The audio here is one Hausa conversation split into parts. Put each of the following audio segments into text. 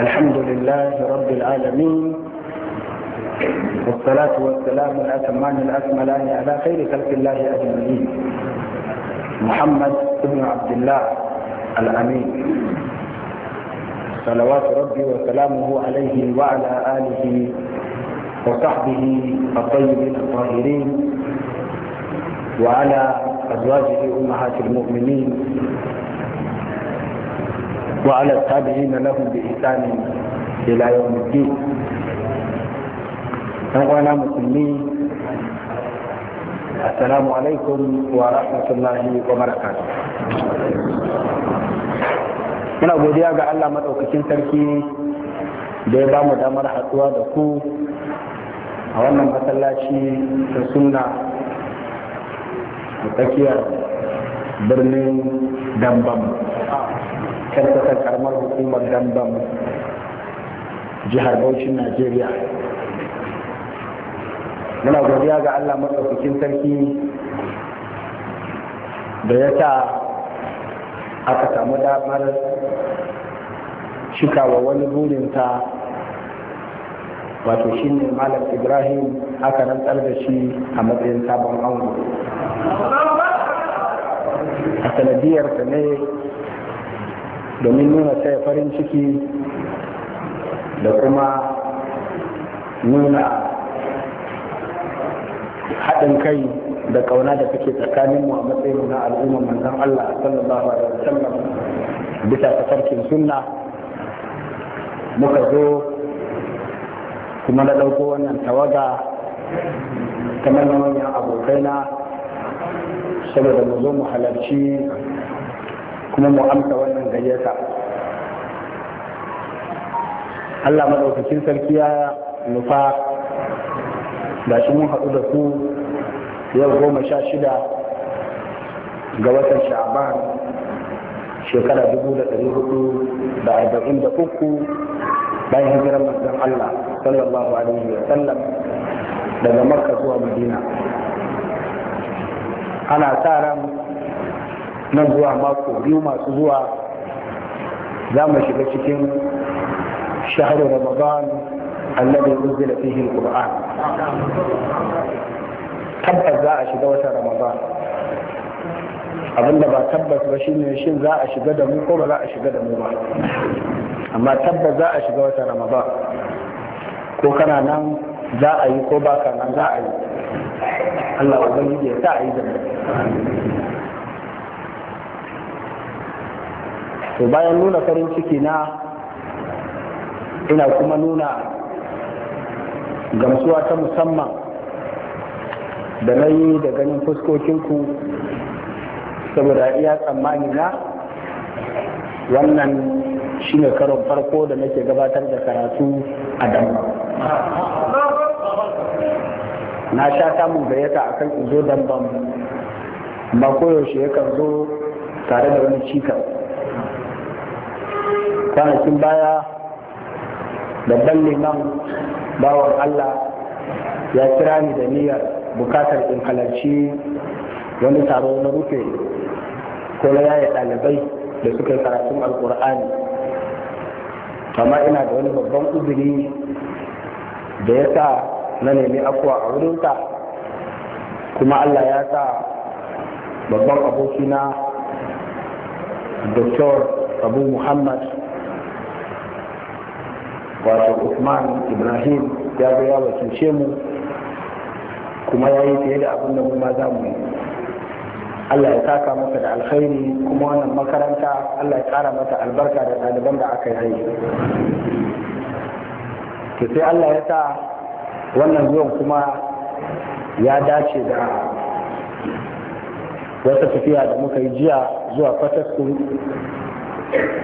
الحمد لله رب العالمين والصلاة والسلام الأتمان الأكملان على خير خلق الله أجمعين محمد بن عبد الله الأمين صلوات ربي وسلامه عليه وعلى آله وصحبه الطيبين الطاهرين وعلى أزواجه أمهات المؤمنين وعلى التابعين لهم بإحسان إلى يوم الدين أخوانا مسلمين السلام عليكم ورحمة الله وبركاته muna godiya ga Allah maɗaukakin sarki da ya ba mu damar haɗuwa da ku a wannan masallaci ta sunna a tsakiyar birnin dambam karkatar karamar hukumar dambam jihar Bauchin Najeriya. Muna godiya ga Allah matsaukakin sarki da ya sa aka samu damar shikawa wani burinta wato shi ne Malam Ibrahim aka rantsar da shi a matsayin sabon ango. A sanadiyarsa ne domin nuna taya farin ciki da kuma nuna haɗin kai da ƙauna da take tsakaninmu a matsayin na al'ummar manzan Allah sallallahu alaihi sallam, bisa ta farkin sunna muka zo kuma na ɗauko wannan tawaga kamar na manyan abokaina saboda mu zo mu halarci kuma mu amsa wannan gayyata Allah maɗaukakin sarki ya nufa da shi mun haɗu da su, yau goma sha shida ga watan sha'aban shekara dubu da ɗari hudu da arba'in da uku bayan hijirar manzon Allah sallallahu alaihi wa sallam daga makka zuwa madina ana sa ran nan zuwa mako biyu masu zuwa za mu shiga cikin shahararar ramadan الذي أنزل فيه القرآن tabbas za a shiga watan ramadan abinda ba tabbas ba shine shin za a shiga da mu ko ba za a shiga da mu ba amma tabbas za a shiga watan ramadan ko kana nan za a yi ko ba ka nan za a yi Allah ubangiji ya sa a yi da mu to bayan nuna farin ciki na ina kuma nuna gamsuwa ta musamman da na yi da ganin fuskokinku saboda iya tsammani na wannan shi ne karon farko da nake gabatar da karatu a damba na sha samun gayyata a kan izo damban ba koyaushe kan zo tare da wani cikas kwanakin baya babban liman bawan allah ya kira ni da niyyar bukatar in halarci wani taro na rufe ko na yaya ɗalibai da suka yi karatun alkur'ani amma ina da wani babban uzuri da ya sa na nemi afuwa a wurinka kuma allah ya sa babban abokina doktor abu muhammad wato usman ibrahim ya zo ya wakilce mu kuma ya yi fiye da abin da mu ma za mu yi Allah ya saka masa da alkhairi kuma wannan makaranta Allah ya ƙara mata albarka da ɗaliban da aka yi Ke sai Allah ya sa wannan zuwan kuma ya dace da wata tafiya da muka yi jiya zuwa Fatasku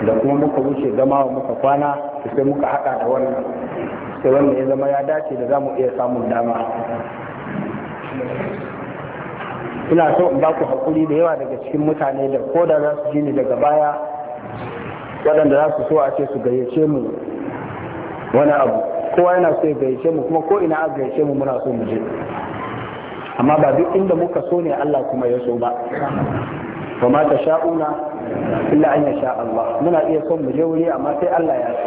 da kuma muka wuce zama wa muka kwana sai muka haɗa da wannan sai wannan ya zama ya dace da za mu iya samun dama ina so in ba ku haƙuri da yawa daga cikin mutane da ko da za su ji ni daga baya waɗanda za su so a ce su gayyace mu wani abu kowa yana so ya gayyace mu kuma ko ina a gayyace mu muna so mu je amma ba duk inda muka so ne Allah kuma ya so ba kuma ta sha'una illa an yasha Allah muna iya son mu je wuri amma sai Allah ya so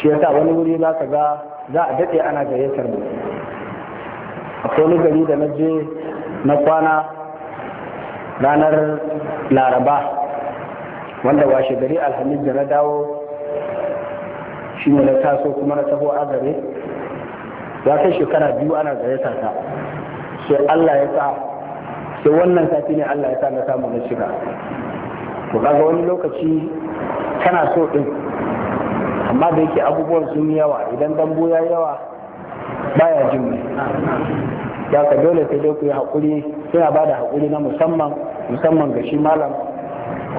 shi yasa wani wuri za ka ga za a daɗe ana gayyatar mu akwai wani gari da na je na kwana ranar laraba wanda washe gari alhamis da na dawo shi na taso kuma na taho azare ya kai shekara biyu ana gayyata ta sai Allah ya sa sai wannan sati ne Allah ya sa na samu na shiga to kaga wani lokaci kana so ɗin amma da yake abubuwan sun yi yawa idan dambu ya yawa baya jin mai ya ka dole sai dai ku yi haƙuri suna ba da haƙuri na musamman musamman ga shi malam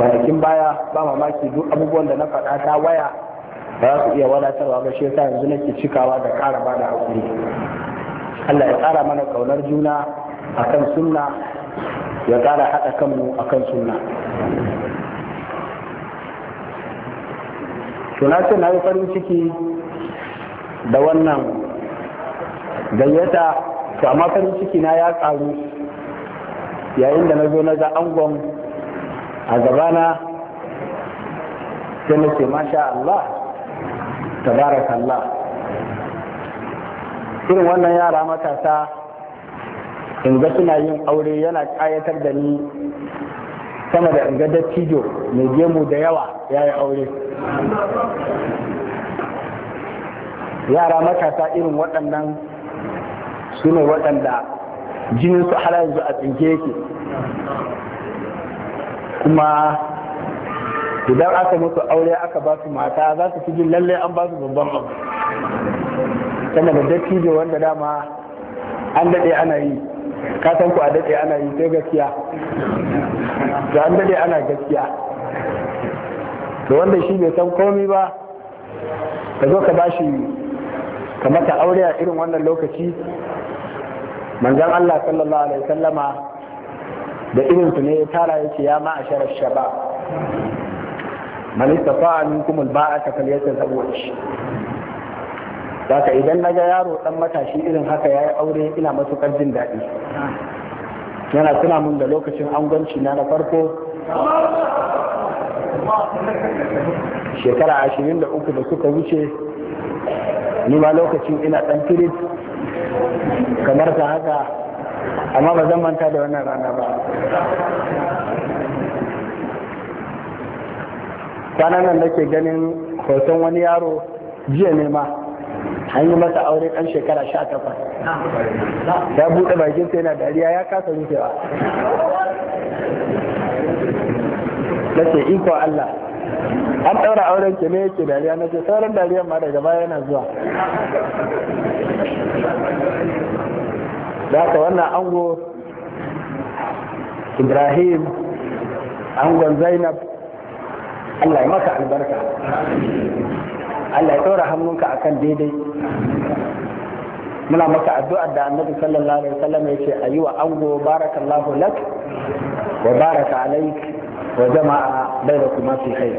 kwanakin baya ba mamaki duk abubuwan da na faɗa ta waya ba za su iya wadatarwa ba shi yasa yanzu nake cikawa da ƙara ba da haƙuri Allah ya ƙara mana ƙaunar juna akan sunna ya ƙara haɗa kanmu a kan suna suna ce na yi farin ciki da wannan gayyata to amma farin ciki na ya ƙaru yayin da na zo na ga angon a gabana sai na ce masha Allah tabarak Allah irin wannan yara matasa in ga suna yin aure yana kayatar da ni sama da in ga dattijo mai gemu da yawa ya yi aure yara matasa irin waɗannan su ne waɗanda su har yanzu a tsinke yake kuma idan aka mutu aure aka ba su mata za su fi jin lallai an ba su babban abu sannan da dattijo wanda dama an daɗe ana yi ka san ku a daɗe ana yi sai gaskiya da an daɗe ana gaskiya da wanda shi bai san komi ba ka zo ka ba shi ka mata aure a irin wannan lokaci manzan Allah sallallahu alaihi sallama da irin su ne ya tara yake ya ma a sharar shaba man istafa'a minkum al-ba'a ka falyata shi. Zaka idan na ga yaro ɗan matashi irin haka ya yi aure ina matuƙar jin daɗi. Yana tuna mun da lokacin angwanci na na farko. Shekara ashirin da uku da suka wuce, ni ma lokacin ina ɗan firit kamar ta haka, amma ba zan manta da wannan rana ba. Kwanan nan nake ganin hoton wani yaro jiya ne ma an yi masa aure ɗan shekara sha takwas ya buɗe sai yana dariya ya kasa rufewa na ce iko Allah an ɗaura auren ke ne yake dariya na ce sauran dariyan ma daga baya yana zuwa da ka wannan ango ibrahim angon zainab Allah ya maka albarka Allah ya ɗora hannunka kan daidai muna maka addu'ar da annabi sallallahu alaihi wasallam a yi wa ango barakallahu lak wa baraka alaik wa jama'a kuma su kai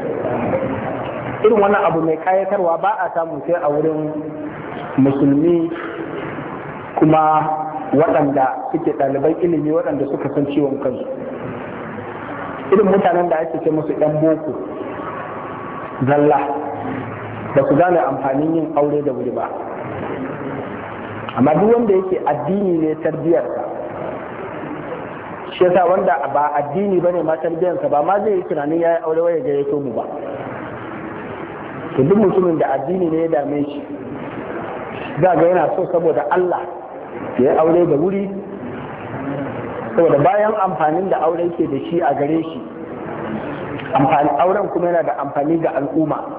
irin wannan abu mai kayatarwa ba a samu sai a wurin musulmi kuma waɗanda suke ɗaliban ilimi waɗanda suka san ciwon kansu irin mutanen da ake ce musu yan boko zalla ba su gane amfanin yin aure da wuri ba amma duk wanda yake addini ne tarbiyarsa shi yasa wanda ba addini bane ma tarbiyarsa ba ma zai yi tunanin yayi aure ya ga yato mu ba to duk mutumin da addini ne ya dame shi za ga yana so saboda Allah ya yi aure da wuri saboda bayan amfanin da aure ke da shi a gare shi amfani auren kuma yana da amfani ga al'umma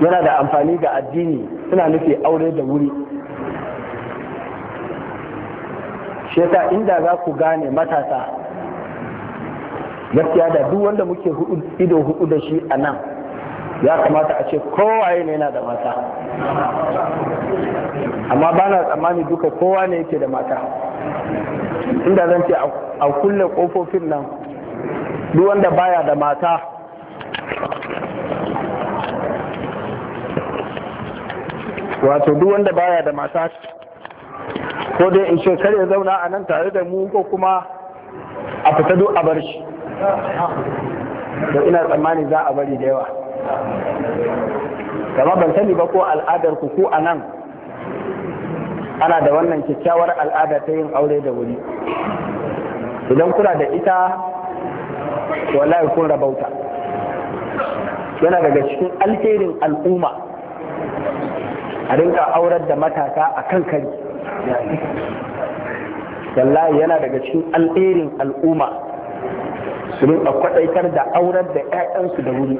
yana da amfani ga addini suna nufi aure da wuri shi inda za ku gane matasa gaskiya da duk wanda muke ido hudu da shi a nan ya kamata a ce kowaye ne yana da mata amma ba na tsammani duka kowa ne yake da mata inda zan ce a kulle kofofin nan duk wanda baya da mata wato duk wanda baya da mata ko dai in ce kar ya zauna a nan tare da mu ko kuma a fita duk a bar shi da ina tsammani za a bari da yawa kama ban sani ba ko al'adar ku ko a nan ana da wannan kyakkyawar al'ada ta yin aure da wuri idan kuna da ita wallahi kun rabauta yana daga cikin alherin al'umma a rinka aurar da matasa a kan kari wallahi yana daga cikin alherin al'umma su rinka kwadaitar da aurar da 'ya'yansu da wuri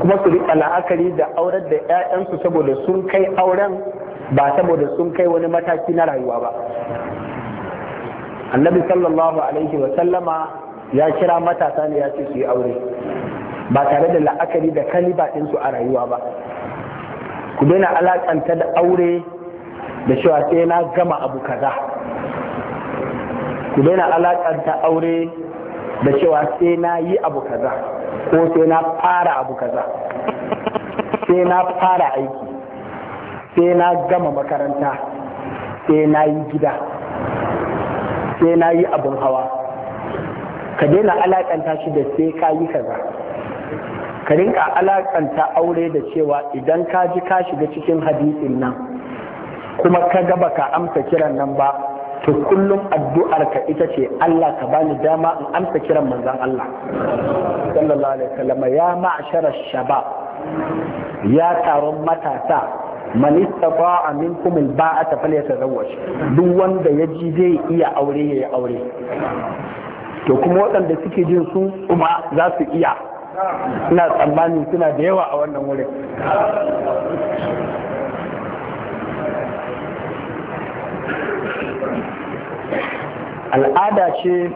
kuma su rinka la'akari da aurar da 'ya'yansu saboda sun kai auren ba saboda sun kai wani mataki na rayuwa ba annabi sallallahu alaihi wa sallama ya kira matasa ne ya ce su yi aure ba tare da la'akari da kaliba ɗinsu a rayuwa ba ku daina alakanta da aure da cewa sai na gama abu kaza ku daina alakanta aure da cewa sai na yi abu kaza ko sai na fara abu kaza sai na fara aiki sai na gama makaranta sai na yi gida sai na yi abin hawa ka daina alakanta shi da sai ka yi kaza ka rinka alakanta aure da cewa idan ka ji ka shiga cikin hadisin nan kuma ka ga ka amsa kiran nan ba to kullum addu'ar ka ita ce Allah ka bani dama in amsa kiran manzon Allah sallallahu alaihi wasallam ya ma'shara shabab ya taron matasa man istata'a minkum alba'ata falyatazawwaj duk wanda ya ji zai iya aure ya aure to kuma waɗanda suke jin su kuma za su iya ina tsammanin suna da yawa a wannan wurin al'ada ce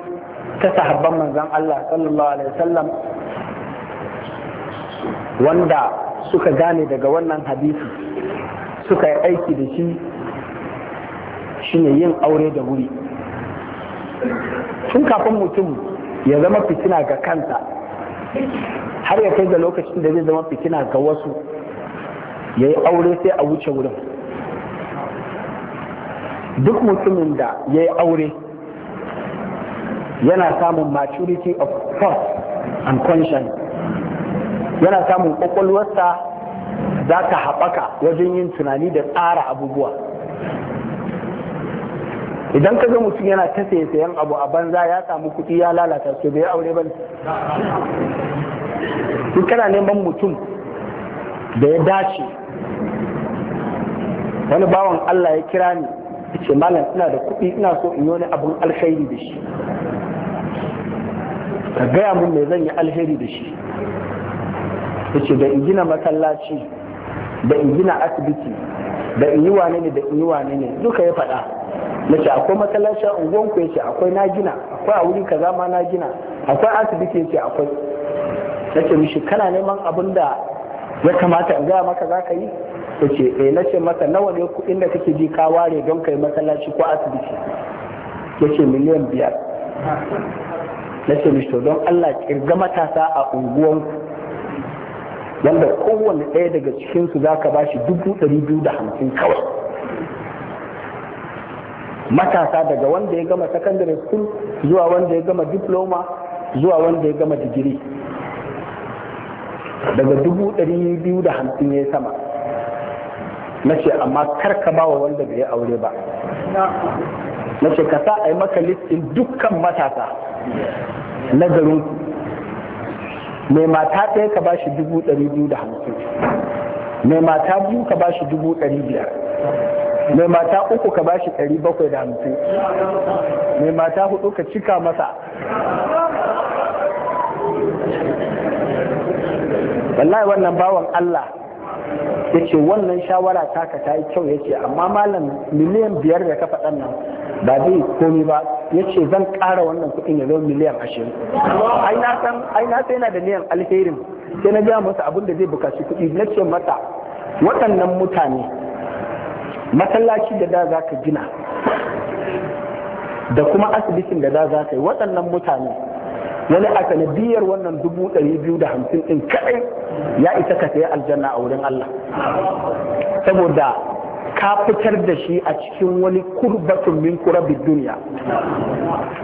ta sahabban manzan Allah sallallahu alaihi wasallam wanda suka gane daga wannan hadisi suka yi aiki da shi shine yin aure da wuri tun kafin mutum ya zama fitina ga kansa har ya kai ga lokacin da zai zama fitina ga wasu ya yi aure sai a wuce wurin duk mutumin da ya yi aure yana samun maturity of thought and conscience yana samun kwakwalwarsa za ta haɓaka wajen yin tunani da tsara abubuwa idan ka ga mutum yana ta saye sayan abu a banza ya samu kuɗi ya lalata su bai aure ba ne kana neman mutum da ya dace wani bawan Allah ya kira ni ce malam ina da kuɗi ina so in yi abun alkhairi da shi ka gaya mun mai zan yi alheri da shi ce da in gina masallaci da in gina asibiti da in yi wane ne da in yi wane ne duka ya faɗa mace akwai masallaci a unguwan ku yace akwai na gina akwai a wuri kaza ma na gina akwai asibiti yace akwai nace mishi kana neman abin da ya kamata in gaya maka za ka yi yace eh ce masa nawa ne kuɗin da kake ji ka ware don kai masallaci ko asibiti yace miliyan biyar nace mishi don Allah kirga matasa a unguwan ku wanda kowane ɗaya daga cikinsu za ka ba shi dubu ɗari biyu da hamsin kawai matasa daga wanda ya gama secondary school zuwa wanda ya gama diploma zuwa wanda ya gama digiri daga dubu dari biyu da hamsin ya yi sama na ce amma karka ba wa wanda bai aure ba na ce ka sa a yi maka listin dukkan matasa na garin mai mata ɗaya ka ba shi dubu dari biyu da hamsin mai mata biyu ka ba shi dubu dari biyar mai mata uku ka bashi ɗari bakwai da hamsin mai mata hudu ka cika masa wallahi wannan bawan Allah ya ce wannan shawara taka ta yi kyau ya ce amma malam miliyan biyar da ka faɗan nan ba zai komi ba ya ce zan ƙara wannan kuɗin ya zo miliyan ashirin ai aina sai yana da niyan alherin sai na gaya masa abin da zai bukaci kuɗi na ce masa waɗannan mutane masallaci da da za ka gina da kuma asibitin da da za ka yi waɗannan mutane wani a sanadiyar wannan dubu ɗari biyu da hamsin ɗin kaɗai ya isa ka sayi aljanna a wurin Allah saboda ka fitar da shi a cikin wani kurbatun min duniya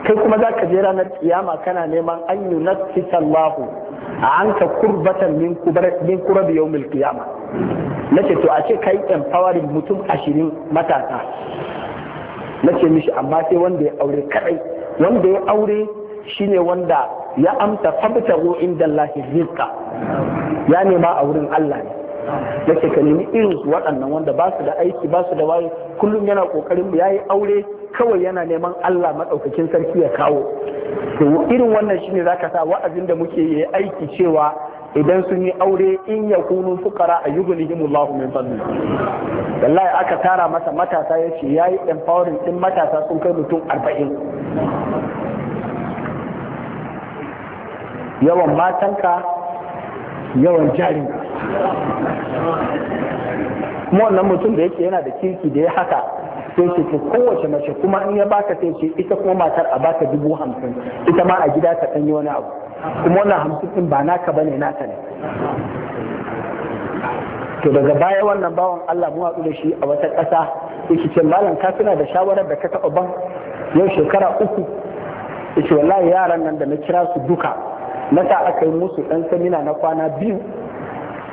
kai kuma za ka je ranar kiyama kana neman an yi a an ka kurbatan min kurabi yau mil kiyama na ce to a ce kai empowering mutum ashirin matasa na ce mishi amma sai wanda ya aure kadai wanda ya aure shine wanda ya amsa fabta ruwa inda lahi ya nema a wurin Allah ne na ce ka nemi irin waɗannan wanda ba su da aiki ba su da wayo, kullum yana kokarin ya yi aure kawai yana neman Allah maɗaukakin sarki ya kawo to irin wannan shine zaka sa wa'azin da muke yi aiki cewa idan sun yi aure in ya kunu fukara a himu Allahu min fadli wallahi aka tara masa matasa yace yi empowering din matasa sun kai mutum arba'in. yawan matanka yawan jari kuma wannan mutum da yake yana da kirki da ya haka sai ce ko kowace mace kuma in ya baka sai ce ita kuma matar a baka dubu hamsin ita ma a gida ta ɗanyi wani abu kuma wannan hamsin din ba naka bane naka ne to daga baya wannan bawan Allah mu hadu da shi a wata ƙasa yake ce malam ka tuna da shawarar da ka taɓa ban yau shekara uku yace wallahi yaran nan da na kira su duka na sa aka yi musu ɗan samina na kwana biyu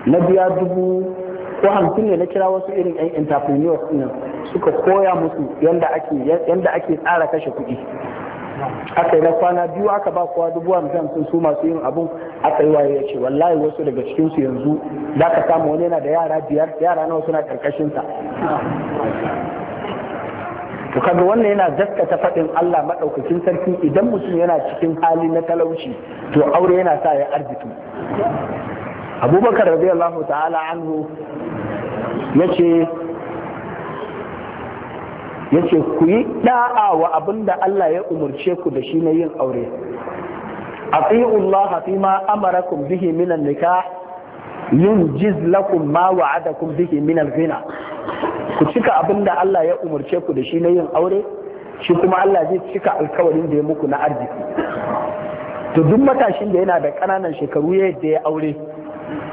na biya dubu ko hamsin ne na kira wasu irin yan entrepreneurs ɗin suka koya musu yanda yanda ake tsara kashe kuɗi aka yi na kwana biyu aka ba kowa dubu hamsin sun su masu yin abun aka yi waye ya ce wallahi wasu daga cikinsu yanzu za ka samu wani yana da yara biyar yara nawa suna karkashin sa to kaga wannan yana gaskata faɗin Allah maɗaukacin sarki idan mutum yana cikin hali na talauci to aure yana sa ya arziki abubakar radiyallahu ta'ala anhu ya ce Yace ku yi da'a wa abin da Allah ya umarce ku da shi na yin aure Allah fi ma amarakum bihi minan nikah yunjiz lakum ma wa'adakum bihi minan zina ku cika abin da Allah ya umarce ku da shi na yin aure shi kuma Allah zai cika alkawarin da ya muku na arziki to duk matashin da yana da ƙananan shekaru ya yadda ya aure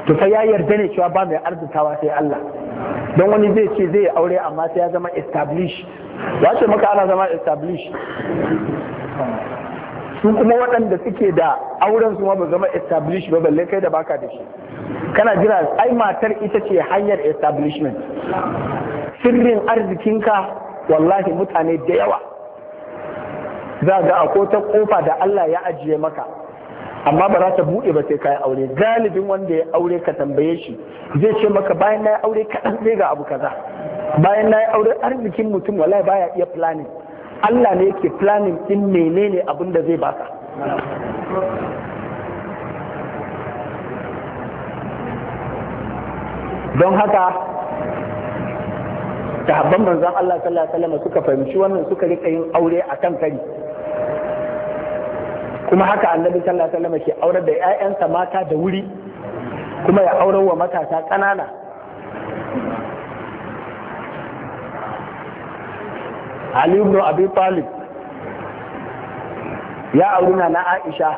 to fa ya yarda ne cewa ba mai arzikawa sai Allah don wani zai ce zai aure amma sai ya zama establish ya ce maka ana zama establish su kuma waɗanda suke da auren su ma ba zama establish ba balle kai da baka da shi kana jira ai matar ita ce hanyar establishment sirrin arzikinka wallahi mutane da yawa za ga akwai ta kofa da Allah ya ajiye maka amma ba za ta buɗe ba sai kayan aure galibin wanda ya aure ka tambaye shi zai ce maka bayan na aure kaɗan zai ga abu kaza bayan na aure arzikin mutum wallahi baya iya planning Allah ne yake planning din menene abin da zai baka don haka habban manzon Allah sallallahu alaihi wasallam suka fahimci wannan suka rika yin aure akan kari kuma haka annabi sallallahu alaihi wasallam ke aurar da ƴaƴansa mata da wuri kuma ya aurar wa matasa ƙanana Ali ibn Abi Talib ya auri na Aisha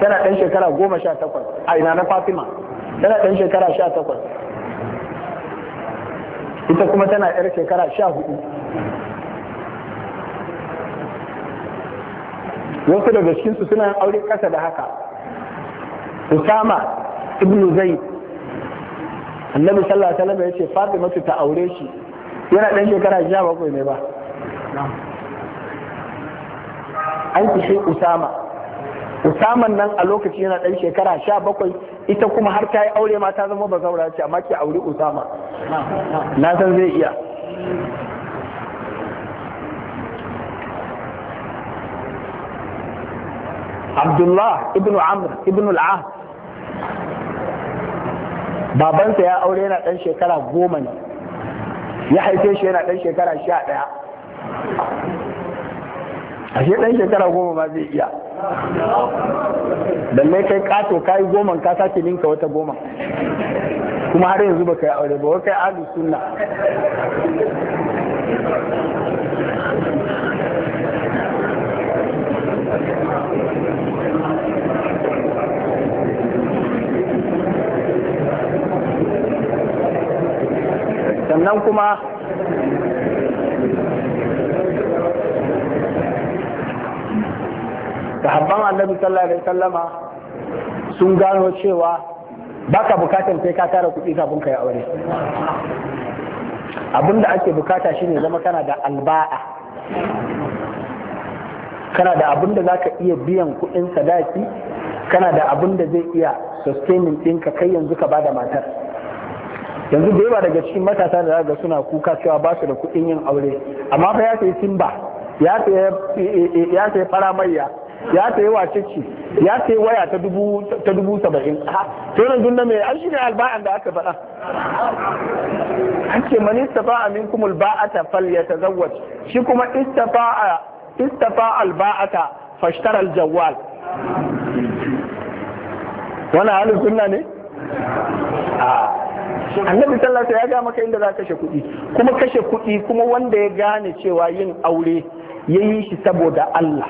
tana ɗan shekara goma sha takwas a ina na Fatima tana ɗan shekara sha takwas ita kuma tana 'yar shekara sha hudu wasu daga cikinsu suna aure ƙasa da haka usama ibn zai annabi sallallahu alaihi wasallam yace fatima ta aure shi yana dan shekara 17 ne ba an shi usama usaman nan a lokaci yana dan shekara 17 ita kuma har ta yi aure ma ta zama bazaura ce amma ki aure usama na san zai iya abdullah ibn amr ibn al'ah babansa ya aure yana ɗan shekara goma ne ya haife shi yana ɗan shekara sha ɗaya ashe ɗan shekara goma ma zai iya lallai kai ƙato ka yi goman ka sake ninka wata goma kuma har yanzu ba kai aure ba kai ahlus sunna sannan kuma sahabban annabi sallallahu alaihi wasallama sun gano cewa baka bukatar sai ka tara kuɗi kafin ka yi aure abinda ake bukata shine zama kana da alba'a kana da abin da zaka iya biyan kuɗin sadaki kana da abin da zai iya sustaining ɗinka kai yanzu ka bada matar yanzu da yawa daga cikin matasa da zaga suna kuka cewa ba su da kuɗin yin aure amma fa ya sayi simba ya sayi faramayya ya sayi wacece ya sayi waya ta dubu saba'in to yanzu dun na mai an shi ne alba'an da aka faɗa an ce man istafa'a minkum alba'ata zawar." shi kuma istafa'a istafa'a alba'ata fashtara aljawwal wannan halin sunna ne Aa. Ah. annabi sallallahu ya ga maka inda za kashe kuɗi kuma kashe kuɗi kuma wanda ya gane cewa yin aure ya yi shi saboda Allah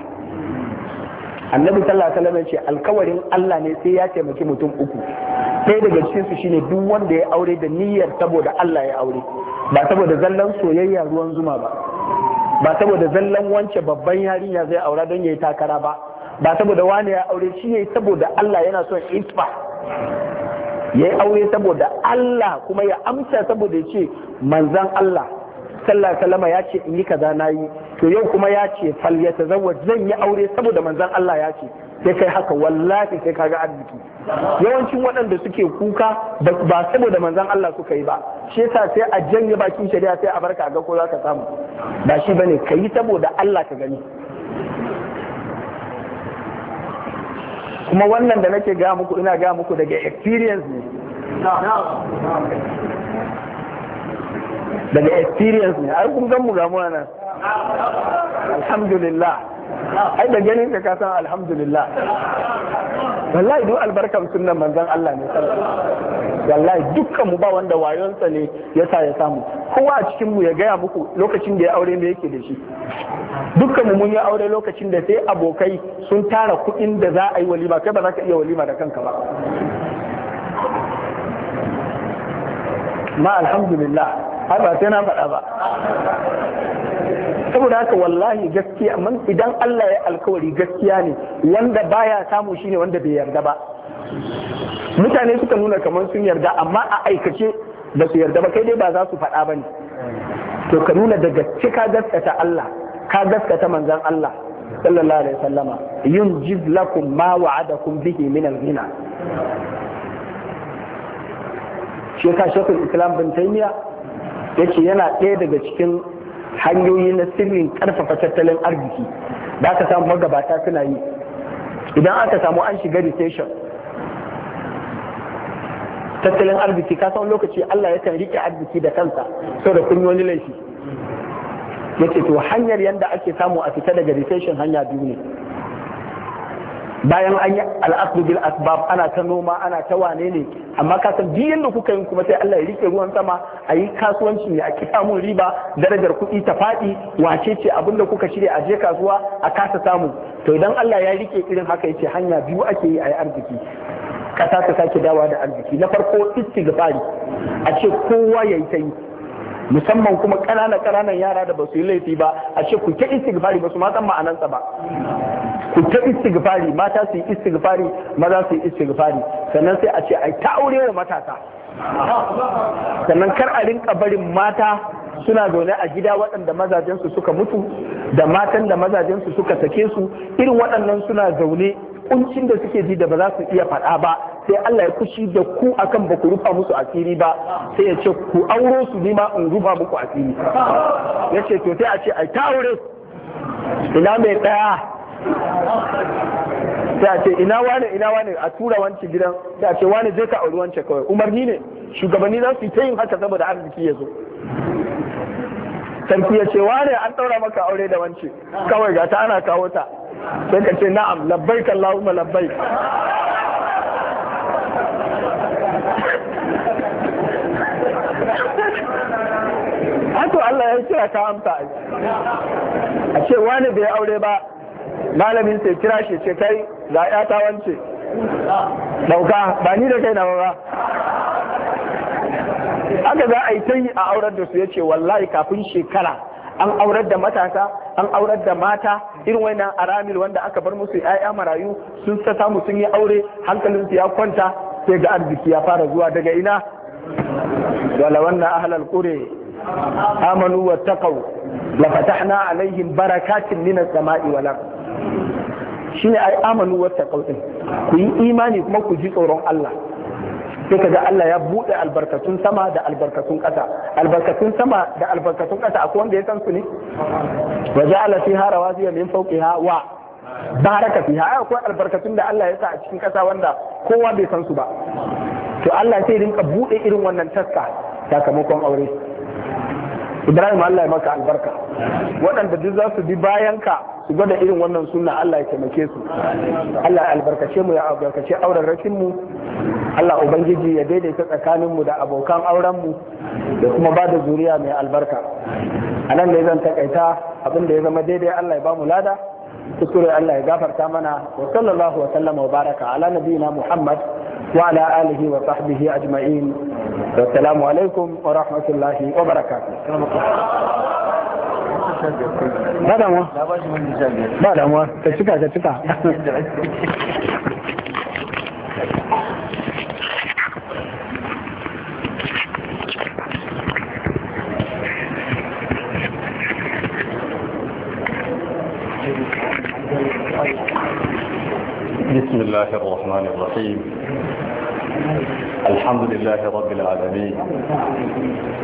annabi sallallahu alaihi ce alkawarin Allah ne sai ya taimaki mutum uku sai daga cikin su shine duk wanda ya aure da niyyar saboda Allah ya aure ba saboda zallan soyayya ruwan zuma ba ba saboda zallan wance babban yarinya zai aura don yayi takara ba ba saboda wani ya aure shi ne saboda Allah yana son isfa ya yi aure saboda Allah kuma ya amsa saboda ya ce manzan Allah sallallahu alaihi ya ce in yi kaza na yi to yau kuma ya ce fal ya zan yi aure saboda manzan Allah ya ce sai kai haka wallahi sai kaga arziki yawancin waɗanda suke kuka ba saboda manzan Allah suka yi ba shi yasa sai a janye bakin shari'a sai a barka ga ko za ka samu ba shi bane ka yi saboda Allah ka gani kuma wannan da nake ga muku ina ga muku daga experience ne daga experience ne ai kun gan mu gamu nan alhamdulillah ai da ganin ka san alhamdulillah wallahi duk albarkan sunnan manzon Allah ne wallahi dukkan mu ba wanda wayonsa ne yasa ya samu kowa a cikin mu ya gaya muku lokacin da ya aure me yake da shi dukkan mu mun yi aure lokacin da sai abokai sun tara kuɗin da za a yi walima kai ba za ka iya walima da kanka ba ma alhamdulillah har ba sai na faɗa ba saboda haka wallahi gaskiya amma idan Allah ya alkawari gaskiya ne wanda baya samu shine wanda bai yarda ba mutane suka nuna kamar sun yarda amma a aikace ba su yarda ba kai dai ba za su faɗa ba ne to ka nuna daga cika ka gaskata Allah ka gaskata manzon Allah sallallahu alaihi wasallama yunjiz lakum ma wa'adakum bihi min al-ghina sheka shekul islam bin taymiya yace yana ɗaya daga cikin hanyoyi na sirrin ƙarfafa tattalin arziki da aka samu magabata suna yi idan aka samu an shiga recession tattalin arziki ka san lokaci Allah yakan rike arziki da kansa sau kun yi wani laifi yace to hanyar yadda ake samu a fita daga recession hanya biyu ne bayan an yi al'asu bil asbab ana ta noma ana ta wane ne amma ka san duk yanda kuka yi kuma sai Allah ya rike ruwan sama a yi kasuwanci ne a ki samun riba darajar kuɗi ta faɗi wace ce abin da kuka shirya a je kasuwa a kasa samu to idan Allah ya rike irin haka ya ce hanya biyu ake yi a yi arziki ƙasa ta sake dawa da arziki na farko istighfari a ce kowa ya yi ta yi musamman kuma ƙananan kananan yara da ba su yi laifi ba a ce ku ta istighfari ba su ma san ma'anansa ba ku ta istighfari mata su yi istighfari maza su yi istighfari sannan sai a ce ai ta aure wa matasa sannan kar a rinka barin mata suna zaune a gida waɗanda mazajensu suka mutu da matan da mazajensu suka sake su irin waɗannan suna zaune kuncin da suke ji da ba za su iya faɗa ba sai Allah ya kushi da ku akan ba ku rufa musu asiri ba sai ya ce ku auro su nima in rufa muku asiri ya ce to sai a ce ai ta aure ina mai daya sai a ce ina wane ina wane a tura wance gidan sai a ce wane zai ka auri wance kawai umarni ne shugabanni za su yi ta yin haka saboda arziki ya zo sarki ya ce wane an ɗaura maka aure da wance kawai ga ta ana kawo ta sai ka ce na'am labbaik Allahumma labbaik Allah ya kira ka amsa a ce wani bai aure ba malamin sai kira shi ce kai ga ya ta wance dauka ba ni da kai na ba aka za a yi ta yi a aurar da su ya ce wallahi kafin shekara an aurar da matasa an aurar da mata irin wannan aramil wanda aka bar musu ya'ya marayu sun ta samu sun yi aure hankalin su ya kwanta sai ga arziki ya fara zuwa daga ina wala wannan ahlal kure. amanu wa taqaw la fatahna alaihim barakatin minas sama'i wal ard shine ai amanu wa taqaw din ku yi imani kuma ku ji tsoron Allah sai kaga Allah ya bude albarkatun sama da albarkatun ƙasa albarkatun sama da albarkatun ƙasa akwai wanda ya san su ne wa ja'ala fiha rawaziya min fawqiha wa baraka fiha akwai albarkatun da Allah ya sa a cikin ƙasa wanda kowa bai san su ba to Allah sai rinka bude irin wannan taska sakamakon aure ibrahim allah ya maka albarka waɗanda duk za su bi bayan ka su gwada irin wannan suna allah ya taimake su allah ya albarkace mu ya albarkace auren rashin mu allah ubangiji ya daidaita tsakanin mu da abokan auren mu da kuma ba da zuriya mai albarka a nan ya zan takaita abin da ya zama daidai allah ya ba mu lada kuskure Allah ya gafarta mana wa sallallahu wa sallama wa baraka ala nabiyina Muhammad wa ala alihi wa sahbihi ajma'in wa salamu alaikum wa rahmatullahi wa barakatuh ba damuwa ba damuwa ka cika ka cika بسم الله الرحمن الرحيم الحمد لله رب العالمين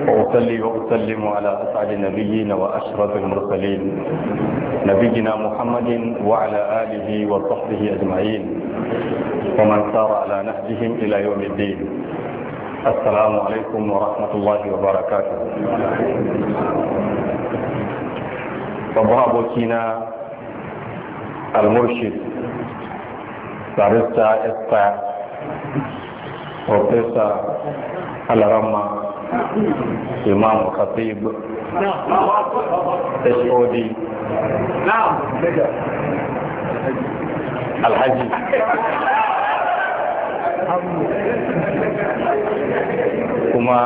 وأصلي وأسلم على أسعد النبيين وأشرف المرسلين نبينا محمد وعلى آله وصحبه أجمعين ومن سار على نهجهم إلى يوم الدين السلام عليكم ورحمة الله وبركاته وبرابوكينا المرشد barista esta profesa alarama imam khatib hod alhaji kuma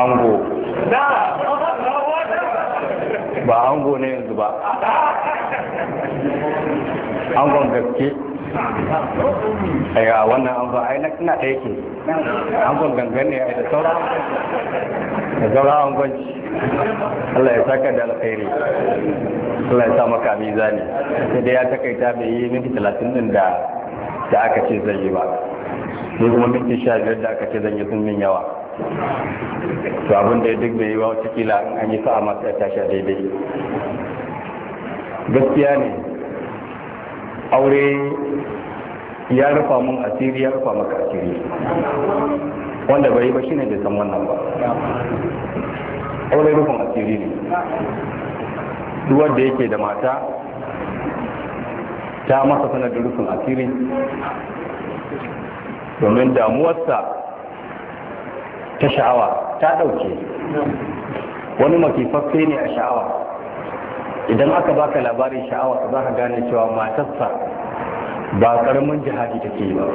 ango ba ango ne yanzu ba angon gaske aiwa wannan an zo ai na ɗaya ke an gon gangan ne da sauran da sauran an gonci Allah ya saka da alkhairi Allah ya sa maka mizani sai dai ya takaita bai yi minti talatin din da da aka ce zai yi ba ni kuma minti sha biyar da aka ce zan yi sun min yawa to abin da duk bai yi wa wata kila an yi sa'a masu ya tasha daidai gaskiya ne aure ya rufa mun asiri ya rufa maka asiri wanda bai ba shine bai san wannan ba aure rufin asiri ne duk wanda yake da mata ta masa sanar da rufin asiri domin damuwarsa ta sha'awa ta ɗauke wani makifaffe ne a sha'awa idan aka baka labarin sha'awa za ka gane cewa matarsa ba karamin jihadi take yi ba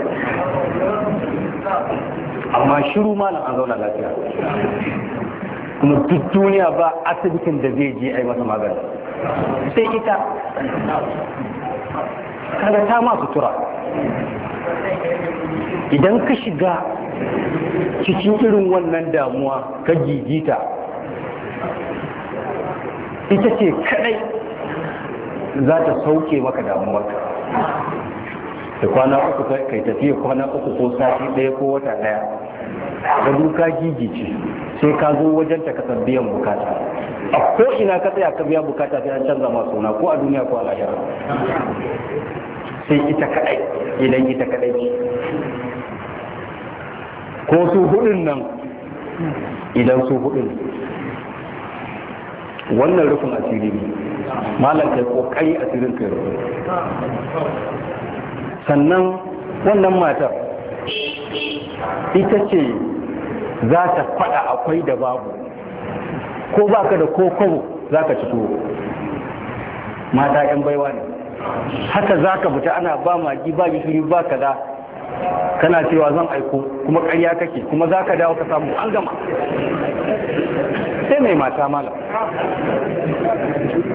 amma shiru malam an zauna lafiya kuma duk duniya ba asibitin da zai je ai masa magani sai ita kaga ta ma sutura idan ka shiga cikin irin wannan damuwa ka gigita ita ce kadai za ta sauke maka damuwarka da kwana uku kai tafiya kwana uku ko sati ɗaya ko wata ɗaya da duka gigice sai ka zo wajen ta kasar biyan bukata a ko ina ka tsaya ka biya bukata sai an canza masu suna ko a duniya ko a lahira sai ita kaɗai idan ita kaɗai ko su hudun nan idan su hudun wannan rufin asiri ne malam kai kokari asirin kai rufe sannan wannan matar ita ce za ta faɗa akwai da babu ko baka da kokobo za ka ci tuwo mata 'yan baiwa ne haka za ka fita ana ba magi ba gishiri ba za kana cewa zan aiko kuma ƙarya kake kuma za ka dawo ka samu an gama sai mai mata mala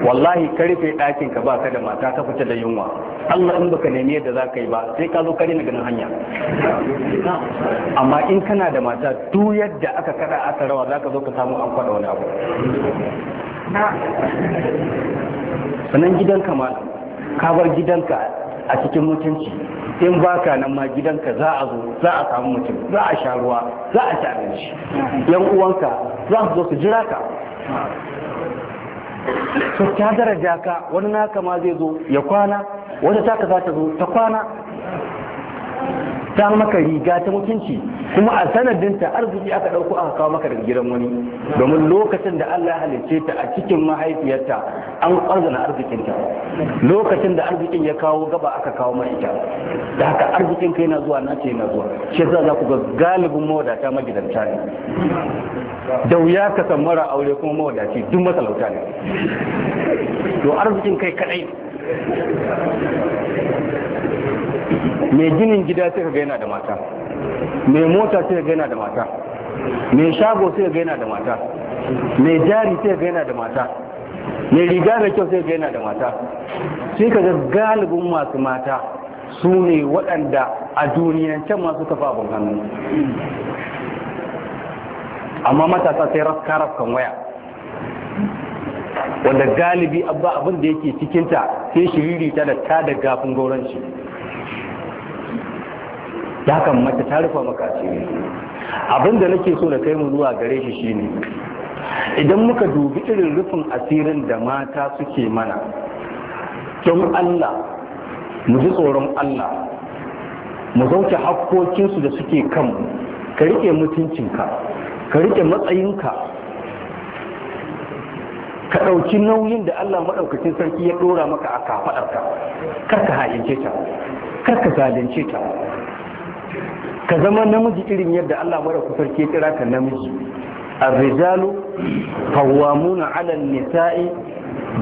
wallahi ka rufe ɗakin ka ba ka da mata ka fita da yunwa Allah in baka nemi yadda za ka yi ba sai ka zo kare na ganin hanya amma in kana da mata duk yadda aka kada aka rawa za ka zo ka samu an kwada wani abu sannan gidanka ma ka bar gidanka a cikin mutunci in baka nan ma gidanka za a zo za a samu mutum za a sha ruwa za a ci abinci yan uwanka za su zo su jira ka su ta daraja ka wani naka ma zai zo ya kwana wata taka za ta zo ta kwana ta maka riga ta mutunci kuma a sanadin ta arziki aka dauko aka kawo maka daga gidan wani domin lokacin da Allah ya halice ta a cikin mahaifiyarta an kwarzana arzikin ta lokacin da arzikin ya kawo gaba aka kawo mai ita da haka arzikin kai na zuwa na ce na zuwa shi yasa za ku ga galibin mawadata magidanta ne da wuya ka san mara aure kuma mawadaci duk matalauta ne to arzikin kai kadai mai ginin gida sai ka gaina da mata mai mota sai ka gaina da mata mai shago sai ka gaina da mata mai jari sai ka gaina da mata mai riga da kyau sai ka gaina da mata sai ka ga galibin masu mata su ne waɗanda a can masu kafa abin hannu amma matasa sai rafka rafkan waya wanda galibi abba abin da yake cikinta sai shiririta da ta da gafin gauranci Ya hakan ta rufa maka asiri abin da nake so na kai mu zuwa gare shi shine idan muka dubi irin rufin asirin da mata suke mana don Allah mu ji tsoron Allah mu sauke hakkokinsu da suke kanmu ka rike mutuncinka ka rike matsayinka ka ɗauki nauyin da Allah maɗaukacin sarki ya ɗora maka a kafaɗarka kar ka halince ta kar ka zalunce ta ka zama namiji irin yadda Allah mara kusar ke kira ka namiji الرجال قوامون على النساء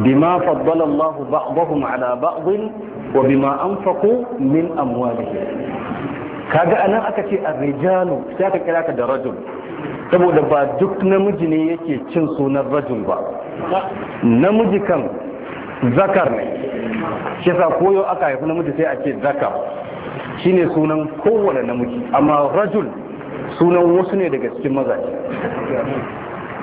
بما فضل الله بعضهم على بعض وبما أنفقوا من Ka kaga anan aka ce a rijalu sai aka kira ka da rajul saboda ba duk namiji ne yake cin sunan rajul ba namiji kan zakar ne shi sa koyo aka haifi namiji sai a ce zakar shine sunan kowane namiji amma rajul sunan wasu ne daga cikin mazaje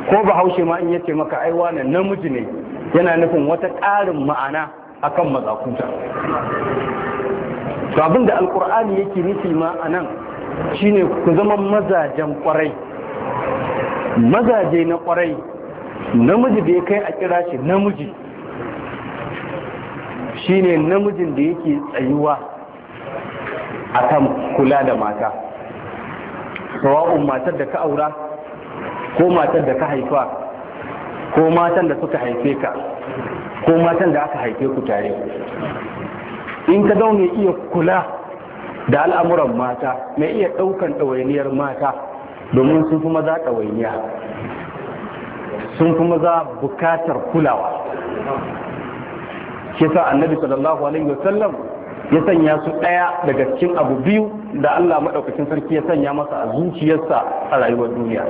ko bahaushe ma in yace maka ai wane namiji ne yana nufin wata ƙarin ma'ana akan mazakuta to abinda alkur'ani yake nufi ma shi shine ku zama mazajen kwarai mazaje na kwarai namiji da ya kai a kira shi namiji shine namijin da yake tsayuwa akan kula da mata sawa'un matar da ka aura ko matar da ka haifa ko matan da suka haife ka ko matan da aka haife ku tare in ka zaune iya kula da al'amuran mata mai iya ɗaukan ɗawainiyar mata domin sun fi maza ɗawainiya sun fi maza bukatar kulawa shi sa annabi sallallahu alaihi wasallam ya sanya su ɗaya daga cikin abu biyu da Allah maɗaukacin sarki ya sanya masa a zuciyarsa a rayuwar duniya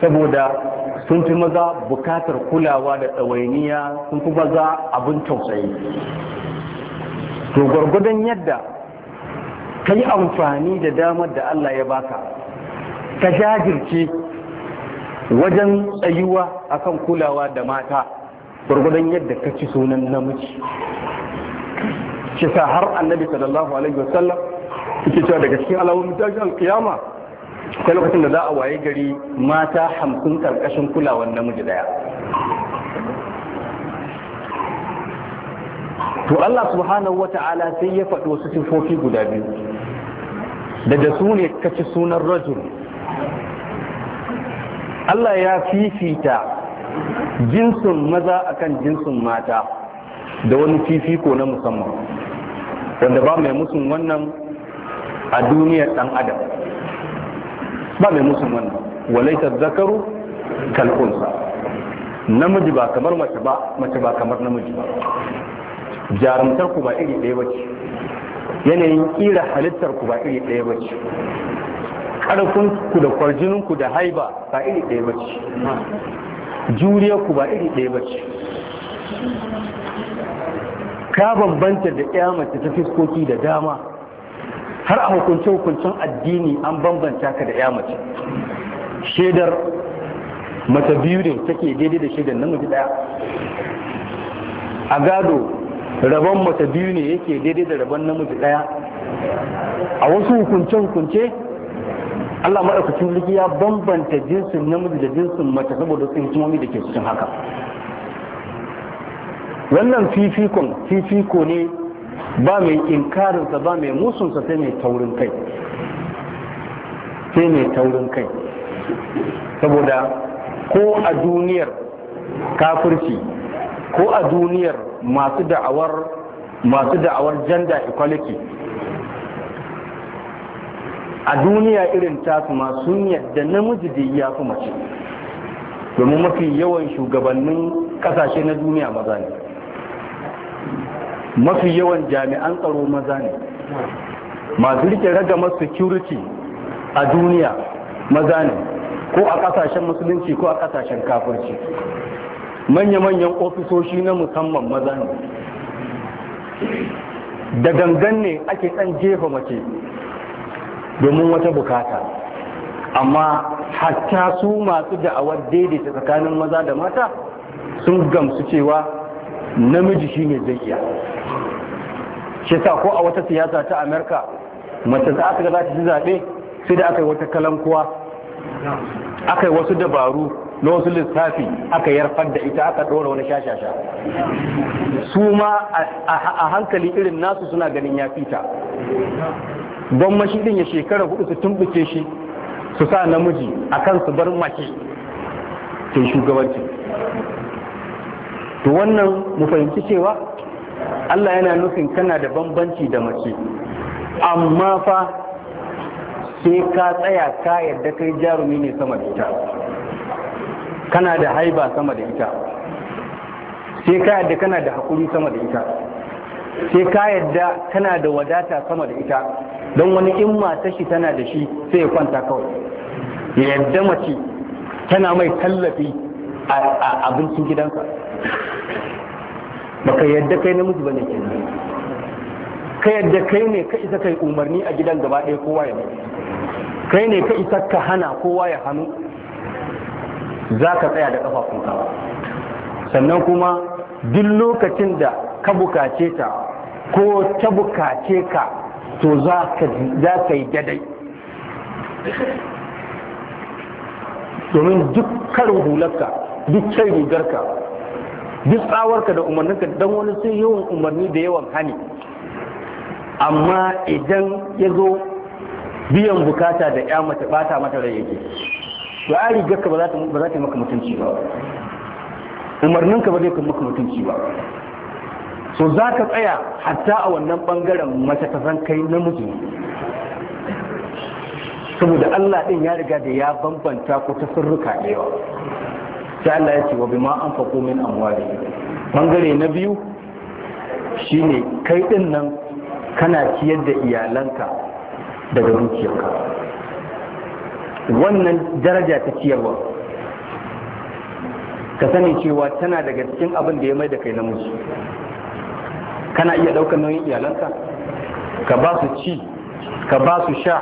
saboda sun fi maza bukatar kulawa da ɗawainiya sun fi maza abin tausayi to gwargwadon yadda ka yi amfani da damar da Allah ya baka ka jajirce wajen tsayuwa akan kulawa da mata gwargwadon yadda ka ci sunan namiji shi sa har annabi sallallahu alaihi wasallam yake cewa daga cikin alamun tashin alkiyama sai lokacin da za a waye gari mata hamsin karkashin kulawan namiji daya to Allah subhanahu wata'ala sai ya faɗi wasu sifofi guda biyu Daga su ne kaci sunan rajul Allah ya fifita jinsin maza akan jinsin mata da wani fifiko na musamman wanda ba mai musun wannan a duniyar dan adam ba mai musun wannan walaita zakaru kalkunsa namiji ba kamar mace ba mace ba kamar namiji ba jarumtar ku ba iri ɗaya bace yanayin kira halittar ku ba iri ɗaya bace karfin ku da kwarjinin ku da haiba ba iri ɗaya bace juriyar ku ba iri ɗaya bace ka bambanta da ƙyamata ta fiskoki da dama har a hukunce-hukuncen addini an bambanta ka da ƙyamata shaidar mata biyu ne take daidai da shaidar namiji ɗaya a gado rabon mata biyu ne yake daidai da rabon namiji ɗaya a wasu hukunce-hukunce Allah maɗaukacin liki ya bambanta jinsin namiji da jinsin mace saboda hikimomi da ke cikin haka wannan fifikon fifiko ne ba mai inkarinsa ba mai musunsa sai mai taurin kai sai mai taurin kai saboda ko a duniyar kafirci ko a duniyar masu da'awar masu da'awar gender equality a duniya irin tasu masu yadda namiji da ya fi mace domin mafi yawan shugabannin kasashe na duniya maza ne mafi yawan jami'an tsaro maza ne masu rike ragamar security a duniya maza ne ko a kasashen musulunci ko a kasashen kafirci manya-manyan ofisoshi na musamman maza ne da gangan ne ake ɗan jefa mace domin wata bukata amma hatta su masu da'awar daidaita tsakanin maza da mata sun gamsu cewa namiji shine zai iya shi sa ko a wata siyasa ta amerika mace za aka ga za ta ci zaɓe sai da aka yi wata kalankuwa aka yi wasu dabaru na wasu lissafi aka yarfar da ita aka ɗora wani shashasha su ma a hankali irin nasu suna ganin ya fita don mashi ɗin ya shekara hudu su tumbuke shi su sa namiji a kan su bar mace ke shugabanci to wannan mu fahimci cewa Allah yana nufin kana da bambanci da mace amma fa sai ka tsaya ka yadda kai jarumi ne sama da ita kana da haiba sama da ita sai ka yadda kana da hakuri sama da ita sai ka yadda kana da wadata sama da ita don wani in mata shi tana da shi sai ya kwanta kawai yadda mace tana mai tallafi a abincin gidansa baka yadda kai namiji bane kenan ka yadda kai ne ka isa kai umarni a gidan gaba ɗaya kowa ya bari kai ne ka isa ka hana kowa ya hannu za ka tsaya da ƙafafunka sannan kuma duk lokacin da ka bukace ta ko ta bukace ka to za ka yi gadai domin duk karin hularka duk can rigarka duk tsawarka da umarninka dan wani sai yawan umarni da yawan hani amma idan ya zo biyan bukata da ya mace bata mata rai yake to a rigar ka ba za ta maka mutunci ba umarninka ba zai kuma maka mutunci ba so za ka tsaya hatta a wannan bangaren mace ta san kai namiji saboda Allah ɗin ya riga da ya bambanta ku ta sirruka da yawa sai Allah ya ce wa bima anfaqu min amwali bangare na biyu shine kai din nan kana ciyar da iyalanka daga dukiyarka wannan daraja ta ciyarwa ka sani cewa tana daga cikin abin da ya mai da kai namiji kana iya ɗaukar nauyin iyalanka ka ba su ci ka ba su sha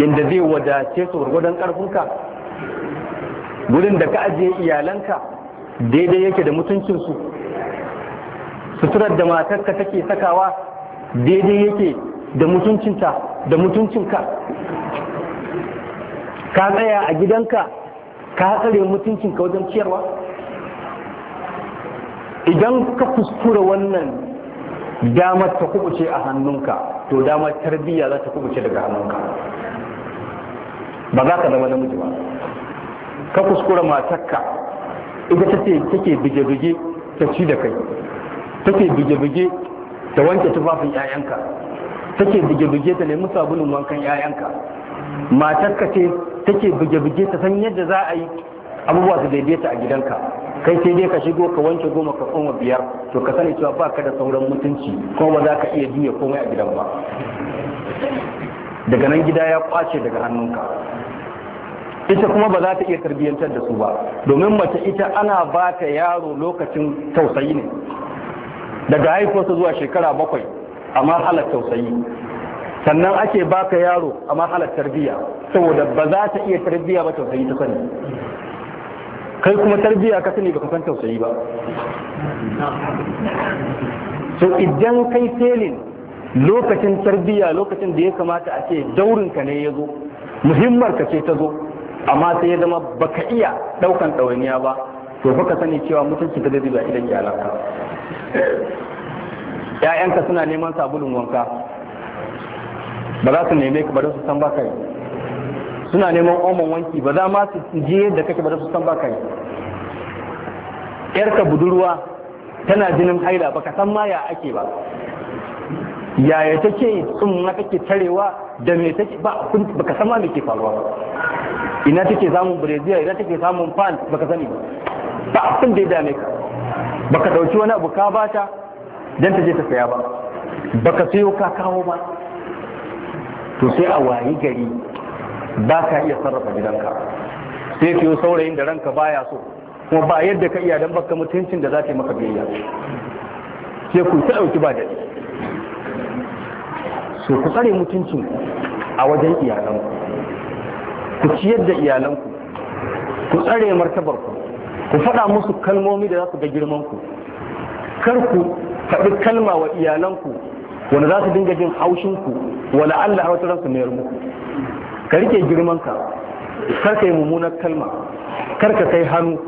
yadda zai wadace su gwargwadon ƙarfinka Wurin da ka ajiye iyalanka daidai yake da mutuncinsu suturar da matarka take sakawa daidai yake da mutuncinta da mutuncinka ka tsaya a gidanka ka tsare mutuncinka wajen ciyarwa idan ka kuskura wannan damar ta kubuce a hannunka to damar tarbiyya za ta kubuce daga hannunka ba za ka zama namiji ba ka kuskura matakka ita take bige-bige ta ci da kai take bige-bige ta wanke tufafin 'ya'yanka take bige-bige ta nemi sabulun wankan 'ya'yanka matarka ce take bige-bige ta san yadda za a yi abubuwa su daidaita a gidanka kai sai dai ka shigo ka wanke goma ka koma biyar to ka sani cewa ba ka da sauran mutunci ko ba za ka iya juya komai a gidan ba daga nan gida ya kwace daga hannunka ita kuma ba za ta iya tarbiyyantar da su ba domin mace ita ana ba ta yaro lokacin tausayi ne daga haifarsa zuwa shekara bakwai a mahalar tausayi sannan ake baka yaro a mahalar tarbiyya saboda ba za ta iya tarbiyya ba tausayi ta sani kai kuma tarbiyya ka sani baka san tausayi ba so idan kai telin lokacin tarbiyya lokacin da ya kamata a ce daurinka ne ya zo muhimmar ka ce ta zo amma sai ya zama baka iya daukan ɗawainiya ba to baka sani cewa mutunci ta zai zuba idan iyalanka ƴaƴanka suna neman sabulun wanka ba za su neme ka ba su san ba kai suna neman omon wanki ba za ma su je da kake ba su san ba kai yarka budurwa tana jinin haila baka san ma ya ake ba yaya take tsun ma take tarewa da me take ba baka san ma me ke faruwa ina take samun brazil ina take samun fan baka sani ba ba abin da ya dame ka baka dauki wani abu ka bata don ta je ta saya ba baka sayo ka kawo ba to sai a wayi gari ba ka iya sarrafa gidanka sai ka yi saurayin da ranka baya so kuma ba yadda ka iya don baka mutuncin da za ta yi maka biyayya sai ku ta dauki ba da so ku tsare mutuncin a wajen iyalanku ku ciyar da iyalanku ku tsare martabarku ku faɗa musu kalmomi da za su ga girmanku kar ku faɗi kalma wa iyalanku wanda za su dinga jin haushinku wala Allah wata ransu mayar muku ka rike girmanka kar ka yi mummunar kalma kar ka kai hannu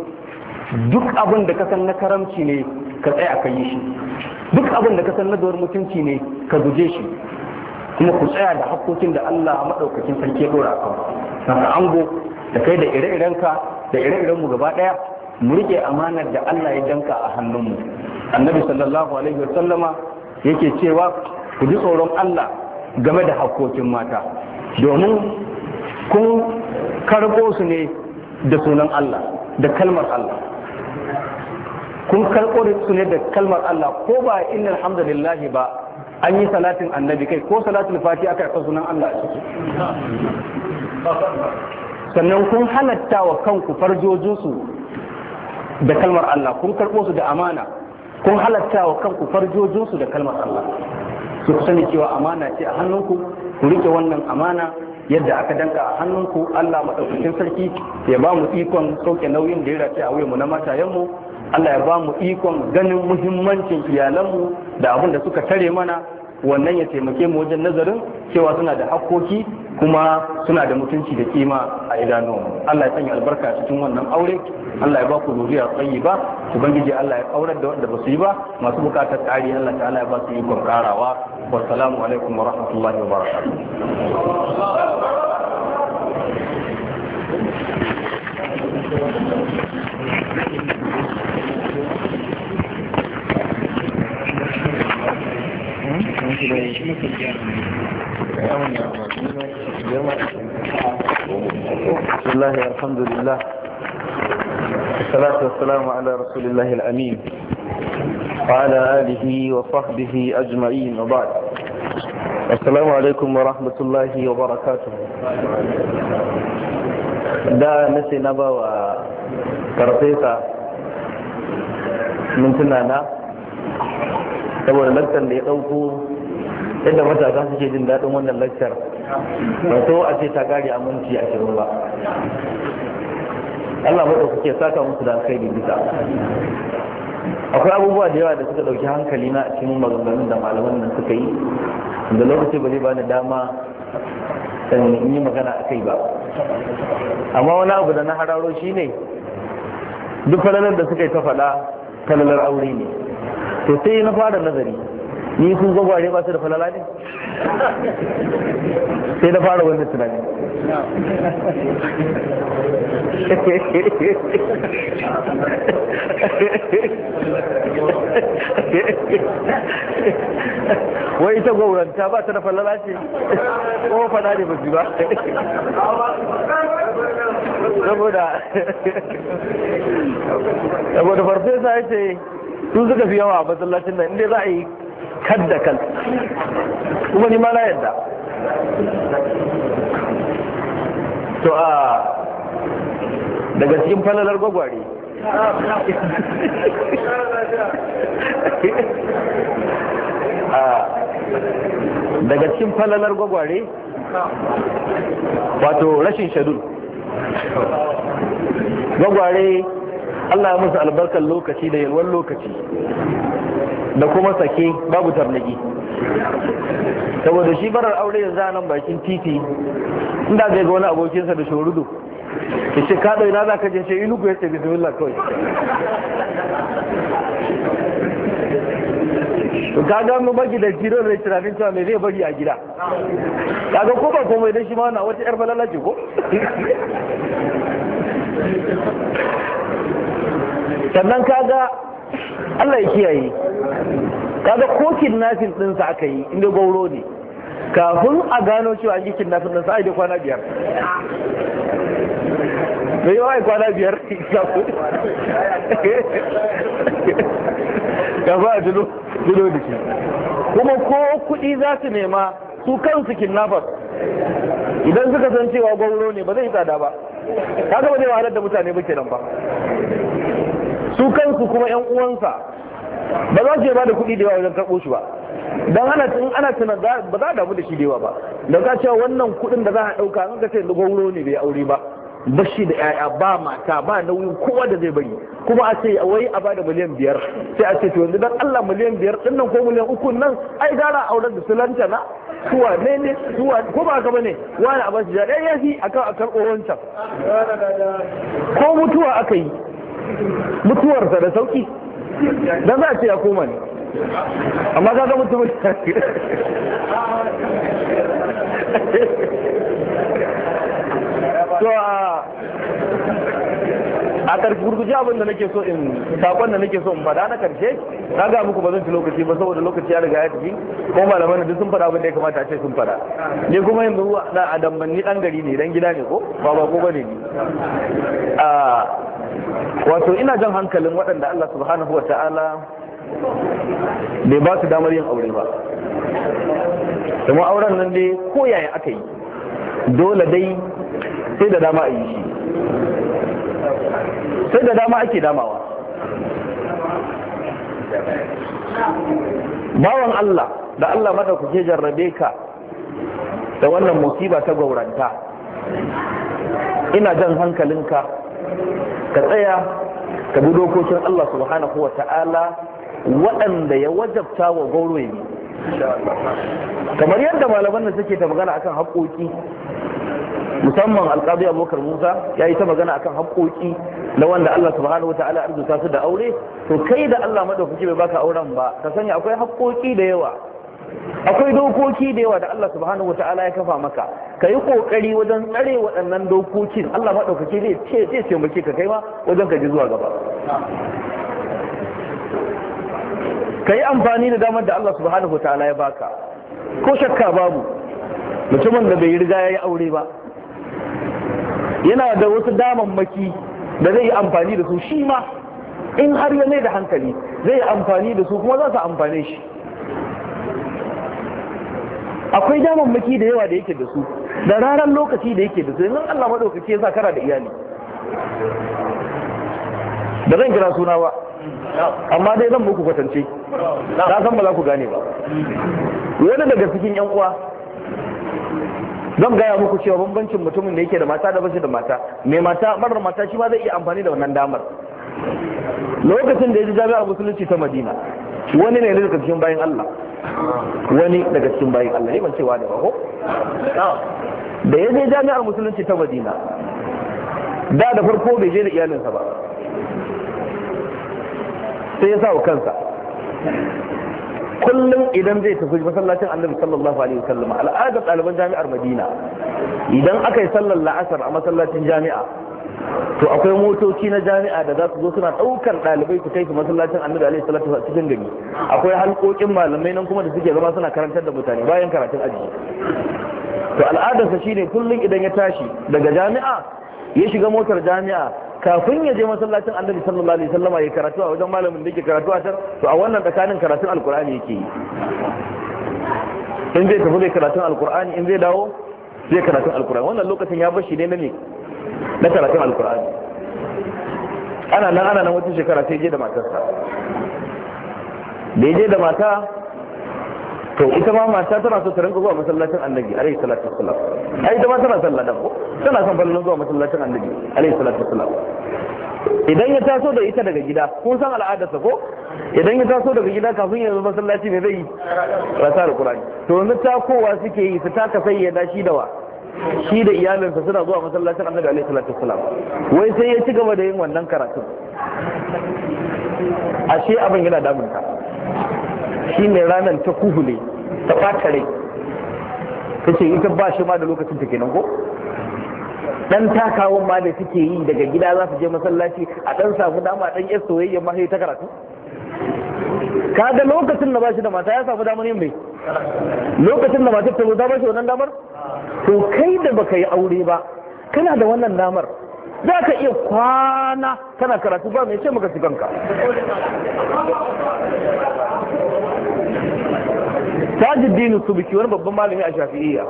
duk abin da ka san na karamci ne ka tsaya a yi shi duk abin da ka san na dawar mutunci ne ka guje shi kuma ku tsaya da hakkokin da Allah maɗaukakin sarki ya ɗora a kan saka ango da kai da ire-irenka da ire-irenmu gaba daya mu rike amanar da Allah ya danka a hannunmu annabi sallallahu alaihi wa sallama yake cewa ku ji tsoron Allah game da hakokin mata domin kun karbo su ne da sunan Allah da kalmar Allah kun karbo su ne da kalmar Allah ko ba inna alhamdulillah ba an yi salatin annabi kai ko salatin fati aka yi sunan Allah a ciki sannan kun halatta wa kanku farjojinsu da kalmar Allah kun karɓo su da amana kun halatta wa kanku farjojinsu da kalmar Allah su ku sani cewa amana ce a hannunku ku rike wannan amana yadda aka danka a hannunku Allah maɗaukakin sarki ya ba mu ikon sauke nauyin da ya race a wuyanmu na matayenmu Allah ya ba mu ikon ganin muhimmancin iyalanmu da abin da suka tare mana wannan ya taimake mu wajen nazarin cewa suna da hakkoki kuma suna da mutunci da kima a idanu Allah ya sanya albarka cikin wannan aure Allah ya ba ku zuriya tsayi ba ubangiji Allah ya aurar da wanda ba su yi ba masu bukatar tsari Allah ta'ala ya ba su ikon karawa salamu alaikum wa rahmatullahi wa barakatuh بسم الله الحمد لله والصلاة والسلام على رسول الله الأمين وعلى آله وصحبه أجمعين وبعد السلام عليكم ورحمة الله وبركاته دا نسي نبا na من تنانا karfesa mintuna اللي saboda yadda matasa suke jin daɗin wannan lakcar ba so a ce ta kare aminci a shirin ba Allah maɗa kuke saka musu da kai da bisa akwai abubuwa da yawa da suka ɗauki hankali na cikin maganganun da malaman nan suka yi da lokaci ba zai bani dama in yi magana a kai ba amma wani abu da na hararo shi ne duk falalar da suka yi ta faɗa falalar aure ne to sai na fara nazari ni kun gwagware ba su da falala ne sai na fara wannan tunani wai ita gwauranta ba ta da falala ce ko fada ne ba su ba saboda saboda farfesa ya ce sun suka fi yawa a masallacin nan inda za a yi Kadda kan kuma ni mana yadda to a daga cikin falalar gwagware daga cikin falalar gwagware wato rashin shadul gwagware Allah ya musu albarkar lokaci da yalwar lokaci da kuma sake babu tarnaki saboda shi barar aure yanzu a nan bakin titi inda zai ga wani abokinsa da shorudu ya ce ɗau ina za ka je ce inugu ya ce bismillah kawai kaga mu bagi da jiro da tunanin cewa me zai bari a gida ga ko ba komai dan shi ma na wata yar falala ce ko sannan kaga Allah ya kiyaye kaga ko kidnapping din sa aka yi inda gauro ne kafin a gano cewa an yi kidnafin din sa ai da kwana biyar da yawa ai kwana biyar gaba a jilo da shi kuma ko kudi za su nema su kansu kidnafin idan suka san cewa gauro ne ba zai tsada ba kaga ba zai wahalar da mutane ba kenan ba su kansu kuma yan uwansa ba za su ba da kuɗi da yawa wajen karɓo shi ba don ana tun ana tunan ba za a damu da shi da yawa ba don ka cewa wannan kuɗin da za a ɗauka an ka ce gwamnati ne bai aure ba bashi da yaya ba mata ba nauyin kowa da zai bari kuma a ce wai a bada miliyan biyar sai a ce to yanzu dan Allah miliyan biyar din nan ko miliyan uku nan ai gara auren da su lantana suwa ne ne wa, ko ba ka bane wani a shi da ɗaya yafi akan a karɓo wancan ko mutuwa aka yi mutuwarsa da sauki dan za a ce ya koma ne amma ka ga mutumin to a a gurguje abin da nake so in sakon da nake so in faɗa na karshe na ga muku ba zan ci lokaci ba saboda lokaci ya riga ya tafi ko malaman da sun faɗa abin da ya kamata a ce sun faɗa ni kuma yanzu na adamman ni dan gari ne dan gida ne ko ba ba ko bane ni wato ina jan hankalin waɗanda Allah subhanahu wata'ala bai ba su damar yin aure ba kuma auren nan dai ko yaya aka yi dole dai sai da dama a yi shi sai da dama ake damawa bawan Allah da Allah mata kuke jarrabe ka da wannan musiba ta gauranta ina jan hankalinka ka tsaya ka bi dokokin Allah subhanahu wa ta'ala waɗanda ya wajabta wa gauro kamar yadda malaman da suke ta magana akan haƙoƙi musamman alƙadi abokar musa ya yi ta magana akan haƙoƙi na wanda allah subhanahu wa ta'ala arzuta su da aure to kai da allah maɗaukaki bai baka auren ba ka sanya akwai haƙoƙi da yawa akwai dokoki da yawa da allah subhanahu wa ta'ala ya kafa maka ka yi ƙoƙari wajen tsare waɗannan dokokin allah maɗaukaki zai ce zai taimake ka kai ma wajen ka ji zuwa gaba ka yi amfani da damar da Allah subhanahu ta'ala ya baka ko shakka babu mutumin da bai riga ya yi aure ba yana da wasu damammaki da zai yi amfani da su shi ma in har ya mai da hankali zai yi amfani da su kuma za su amfane shi akwai damammaki da yawa da yake da su da ranar lokaci da yake da su yanzu Allah maɗaukaki ya sa kara da iyali da zan kira suna ba amma dai zan muku kwatance na san ba za ku gane ba wani daga cikin yan uwa zan gaya muku cewa bambancin mutumin da yake da mata da bashi da mata mai mata marar mata shi ma zai iya amfani da wannan damar lokacin da ya ji jami'ar musulunci ta madina wani ne daga cikin bayan allah wani daga cikin bayan allah ne ban cewa da bako da ya je jami'ar musulunci ta madina da da farko bai je da iyalinsa ba sai ya sa wa kansa kullum idan zai tafi masallacin annabi sallallahu alaihi wasallam al'adar ɗaliban jami'ar madina idan aka yi sallar la'asar a masallacin jami'a to akwai motoci na jami'a da za su zo suna ɗaukar ɗalibai su kai su masallacin annabi alaihi salatu wa cikin gari akwai halƙoƙin malamai nan kuma da suke zama suna karantar da mutane bayan karatun aji to al'adarsa shine kullum idan ya tashi daga jami'a ya shiga motar jami'a kafin ya je masallacin annabi sallallahu alaihi wasallam ya karatu a wajen malamin da yake karatu a can to a wannan tsakanin karatun alqur'ani yake yi in zai tafi zai karatun alqur'ani in zai dawo zai karatun alqur'ani wannan lokacin ya bashi ne na ne na karatun alqur'ani ana nan ana nan wata shekara sai je da matarsa da je da mata to ita ma mata tana so ta rinka zuwa masallacin annabi alaihi salatu wassalam ai ita ma tana sallah dan ko tana son ballan zuwa masallacin annabi alaihi salatu wassalam idan ya taso da ita daga gida kun san al'adarsa ko idan ya taso daga gida kafin ya zo masallaci ne zai rasa da kurani to yanzu takowa suke yi su taka ya dashi da wa shi da iyalinsa suna zuwa masallacin annabi alaihi salatu wassalam wai sai ya ci gaba da yin wannan karatu ashe abin yana damunta shine ranar ta kuhule ta ɓata rai ce ita ba shi ma da lokacin ta nan ko dan takawan ma da suke yi daga gida za su je masallaci a dan samu dama dan yar soyayya ma sai ta karatu kaga lokacin da ba shi da mata ya samu damar yin bai lokacin da mata ta zo ta bashi wannan damar to kai da baka yi aure ba kana da wannan damar za ka iya kwana kana karatu ba mai ce maka su kanka tajuddin subki wani babban malami a shafi'iyya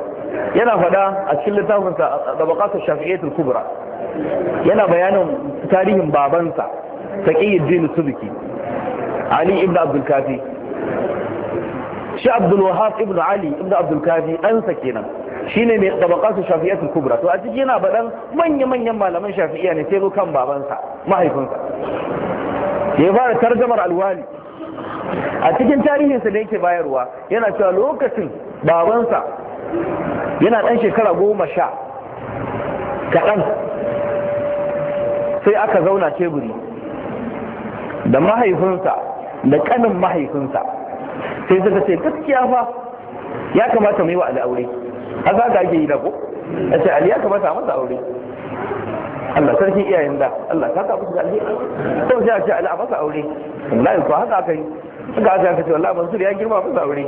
yana faɗa a cikin littafinsa a tabaqatul shafi'iyyatul kubra yana bayanin tarihin babansa taqiyuddin subki ali ibn abdul kafi shi abdul wahab ibn ali ibn abdul kafi ɗansa kenan shine mai tabaqatul shafi'iyyatul kubra to a ciki yana baɗan manya manyan malaman shafi'iyya ne sai zo kan babansa mahaifinsa ya fara tarjamar alwali a cikin tarihinsa da yake bayarwa yana cewa lokacin babansa yana ɗan shekara goma sha kaɗan sai aka zauna teburi da mahaifinsa da ƙanin mahaifinsa sai suka ce gaskiya fa ya kamata mu yi wa al'aure a za ka ake yi da ko a ce ali ya kamata a masa aure Allah sarki iyayen da Allah ka ka musu alheri to sai a ce ba masa aure wallahi ko haka aka yi suka aka aka ce wallahi Mansur ya girma masa aure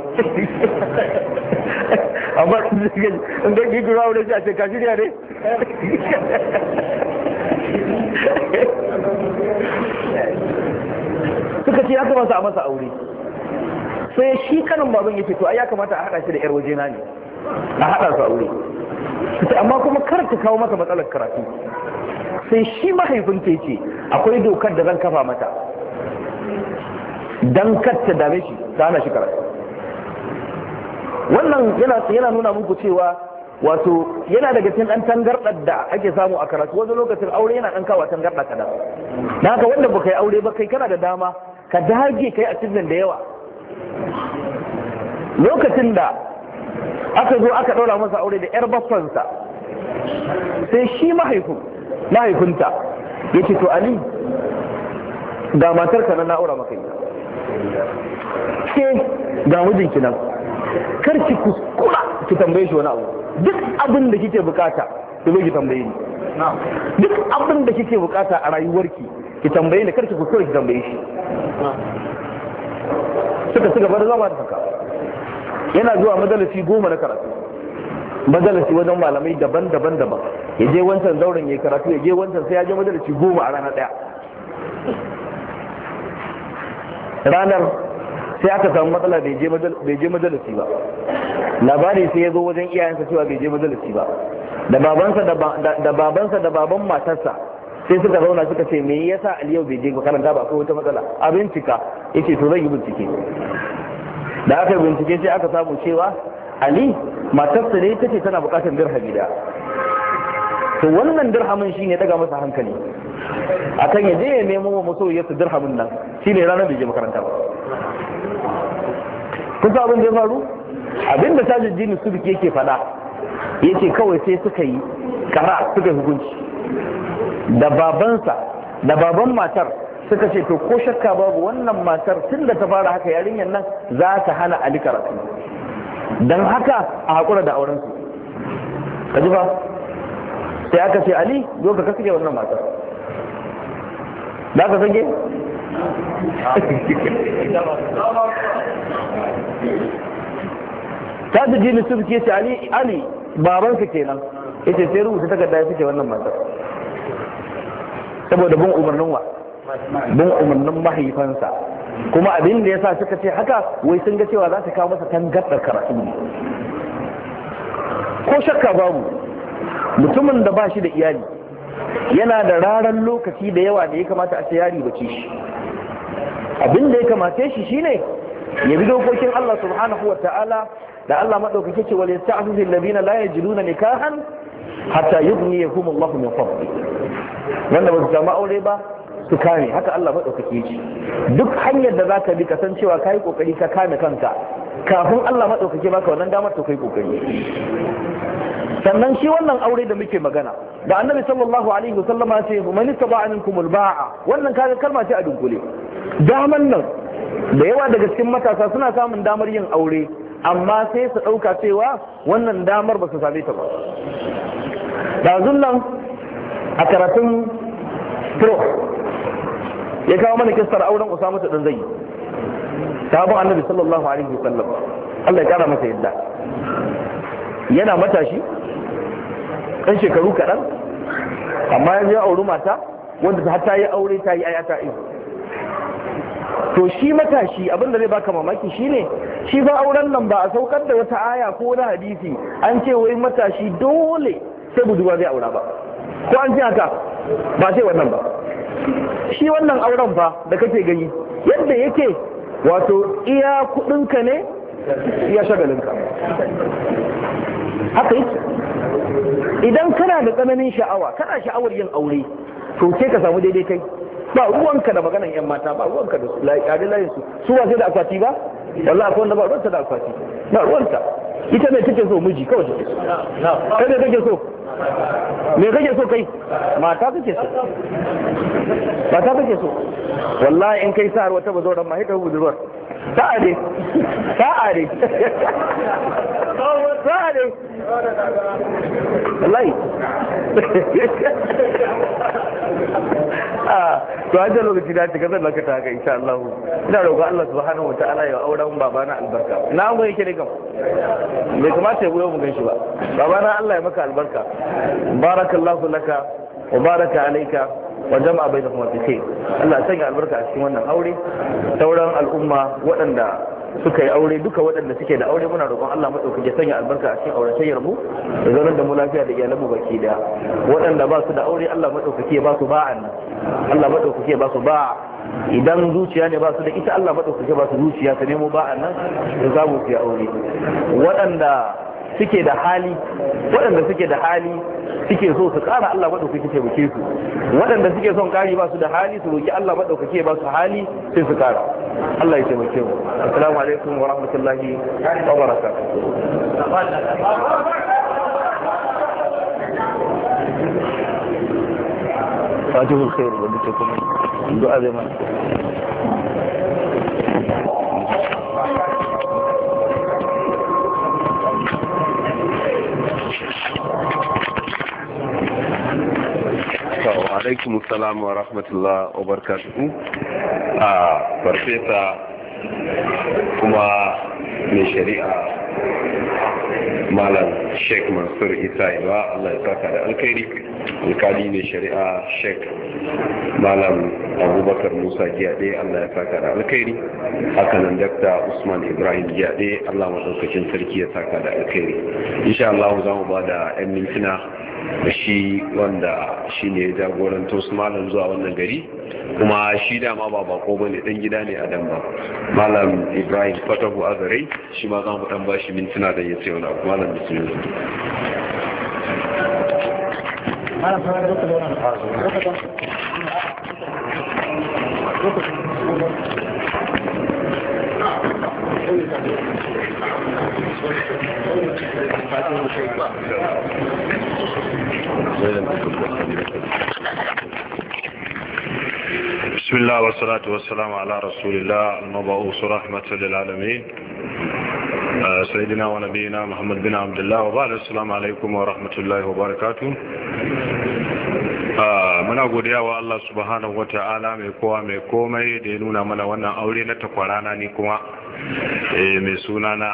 amma in da ki gura aure sai a ce ka shirya ne suka ce ya kamata a masa aure sai shi kanin baban yake to ai ya kamata a hada shi da yar wajena ne a hada su aure amma kuma kar ta kawo masa matsalar karatu sai shi mahaifinta ya ce akwai dokar da zan kafa mata don katta dame shi ta hana shi karatu wannan yana nuna muku cewa wato yana daga cikin dan tangardar da ake samu a karatu wani lokacin aure yana dan kawo tangarda kadan dan haka wanda baka yi aure ba kai kana da dama ka dage kai a cikin da yawa lokacin da aka zo aka daura masa aure da yar baffansa sai shi mahaifin mahaifinta ya ce to ali ga matarka na na'ura maka yi ke ga mijin nan kar ki kuskura ki tambaye shi wani abu duk abin da kike bukata ki zo ki tambaye ni duk abin da kike bukata a rayuwarki ki tambaye ni kar ki kuskura ki tambaye shi suka suka bar zama da haka yana zuwa madalasi goma na karatu madalasi wajen malamai daban-daban daban ya je wancan zauren ya karatu ya je wancan sai ya je madalasi goma a rana daya ranar sai aka samu matsala bai je madalasi ba labari sai ya zo wajen iyayensa cewa bai je madalasi ba da babansa da babansa da baban matarsa sai suka zauna suka ce me yasa yau bai je makaranta ba akwai wata matsala a bincika yace to zan yi bincike da aka bincike sai aka samu cewa ali matarsa ne ta ce tana bukatar dirhami da to wannan dirhamin shine ya daga masa hankali akan ya je ya nemo wa masoyiyarsa dirhamin nan shine ranar da je makaranta ba kun san abin da ya faru abin da tajin jini su bike yake fada yace kawai sai suka yi kara suka hukunci da babansa da baban matar suka ce to ko shakka babu wannan matar tun da ta fara haka yarinyar nan za ta hana ali karatu don haka a haƙura da auren su ka ji fa sai aka ce ali zo ka kasuke wannan matar da ka sange ta da jini su ke ce ali ali ke kenan ya ce sai rubuta takarda ya suke wannan matar saboda bin umarnin wa bin umarnin mahaifansa kuma abin da ya sa suka ce haka wai sun ga cewa za ta kawo masa tangarɗar karatu ne ko shakka babu mutumin da ba shi da iyali yana da raran lokaci da yawa da ya kamata a tsayari bace shi abin da ya kamata shi shine ya bi dokokin Allah subhanahu da Allah madaukake ce wal yasta'fifu alladhina la yajiduna nikahan hatta yughniyahum Allah min fadli wanda ba su samu aure ba su kame haka Allah maɗaukaki ce duk hanyar da za ka bi ka san cewa ka yi ƙoƙari ka kame kanka kafin Allah maɗaukaki baka wannan damar to kai ƙoƙari sannan shi wannan aure da muke magana da annabi sallallahu alaihi wasallama ce man istaba minkum ba'a, wannan kaga kalma ce a dunkule daman nan da yawa daga cikin matasa suna samun damar yin aure amma sai su ɗauka cewa wannan damar ba su same ta ba ɗazun nan a karatun ya kawo mana kistar auren usama ta dan zai sahabin annabi sallallahu alaihi wasallam Allah ya kara masa yadda yana matashi ɗan shekaru kaɗan amma ya je auri mata wanda ta ta yi aure ta yi ayata ihu to shi matashi abin da zai baka mamaki shine shi fa auren nan ba a saukar da wata aya ko na hadisi an ce wai matashi dole sai budurwa zai aura ba ko an ce haka ba sai wannan ba shi wannan auren fa da kake gani yadda yake wato iya kudinka ne iya shagalinka haka yi idan kana da tsananin sha'awa kana sha'awar yin aure to ke ka samu daidai kai ba ruwanka da maganan yan mata ba ruwanka da ƙari layin su su ba sai da akwati ba walla akwai wanda ba ruwanta da akwati ba ruwanta ita ne kake so miji kawai kake so me kake so kai mata kake so mata kake so wallahi in kai sa'ar wata bazo ran ma hita budurwar sa'a ne sa'a ne wallahi to an da lokaci dace ta gazan lakata haka insha Allah ina roƙo Allah subhanahu wataala ya auren babana albarka na an yake ne kam bai kamata ya goyo mu ganshi ba babana Allah ya maka albarka barakallahu laka wa baraka alayka wa jama'a bainakum fi khair Allah sanya albarka a cikin wannan aure sauran al'umma waɗanda suka yi aure duka waɗanda suke da aure muna roƙon Allah maɗaukaki ya sanya albarka a cikin auratayyar mu da zaunar da mu lafiya da iyalan mu baki da waɗanda ba su da aure Allah maɗaukaki ya ba su ba'an Allah maɗaukaki ya ba su ba idan zuciya ne ba su da ita Allah maɗaukaki ba su zuciya ta nemo ba a nan da za mu fi aure waɗanda suke da hali waɗanda suke da hali suke so su ƙara Allah maɗaukaki taimake su waɗanda suke son ƙari ba su da hali su roki Allah maɗaukaki ba su hali sai su ƙara Allah ya taimake mu assalamu alaikum wa rahmatullahi wa barakatuh fatihu khair wa bikum du'a zaman alaikum salam wa rahmatullah wa barakatuhu a farfesa kuma mai shari'a malam sheikh mansur isa iba allah ya saka da alkhairi alkali mai shari'a sheikh malam abubakar musa giyaɗe allah ya saka da alkhairi hakanan dakta usman ibrahim giyaɗe allah maɗaukacin sarki ya saka da alkhairi insha allah za mu ba da 'yan mintuna shi wanda shi ne jagoran malam zuwa wannan gari kuma shi dama ba bako ba ne dan gida ne a dan ba malam ibrahim fatahu azare shi ma za mu dan ba shi mintuna da ya ce wani abu malam bismillah Thank you. بسم الله والصلاة والسلام على رسول الله المبعوث رحمة للعالمين سيدنا ونبينا محمد بن عبد الله وبعد السلام عليكم ورحمة الله وبركاته Ah, muna godiya wa Allah subhanahu wata'ala mai kowa mai komai da ya nuna mana wannan aure na takwarana ni kuma eh, mai suna na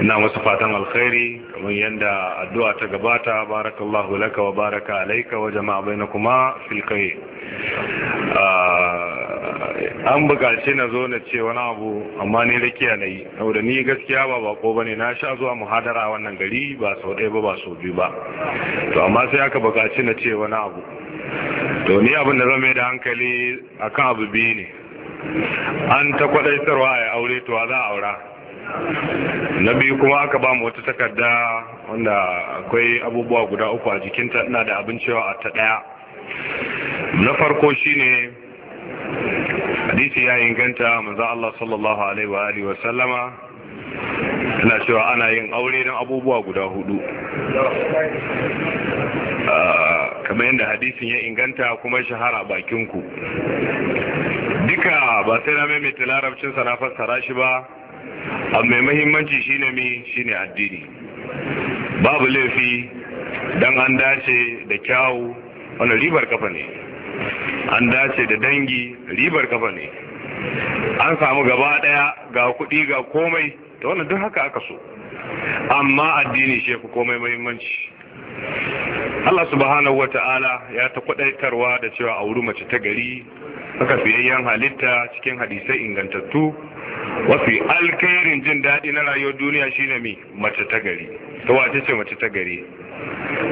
na wasu fatan alkhairi kamar yadda addu'a ta gabata barakallahu laka wa baraka alaika wa jama'a bainakuma kuma khair ah, an bukaci na zo na ce wani abu amma ni rakiya na yi da ni gaskiya ba bako ba ne na sha zuwa muhadara wannan gari ba sau ɗaya ba ba sau biyu ba to amma sai aka bukaci na ce wani abu to ni abin da zama da hankali akan abu biyu ne an ta sarwa a aure to za a aura na biyu kuma aka ba mu wata takarda wanda akwai abubuwa guda uku a jikinta ina da abincewa a ta ɗaya na farko shine hadisi ya inganta manzo Allah sallallahu alaihi wa alihi wa sallama ina cewa ana yin aure don abubuwa guda hudu ah, kamar yadda hadisin ya inganta kuma shahara bakin ku. duka ba sai na maimaita larabcin sa na fassara shi ba abu mai mahimmanci shine mi shine addini babu laifi dan an dace da kyawu wani ribar kafa ne an dace da dangi ribar kafa ne an samu gaba daya ga kuɗi ga komai ta wannan duk haka aka so amma addini shi ku komai muhimmanci Allah subhanahu wa ya ta kwadaitarwa da cewa a wuri mace ta gari aka fiyayyen halitta cikin hadisai ingantattu wafi alkairin jin daɗi na rayuwar duniya shine mi mace ta gari ta wace ce mace ta gari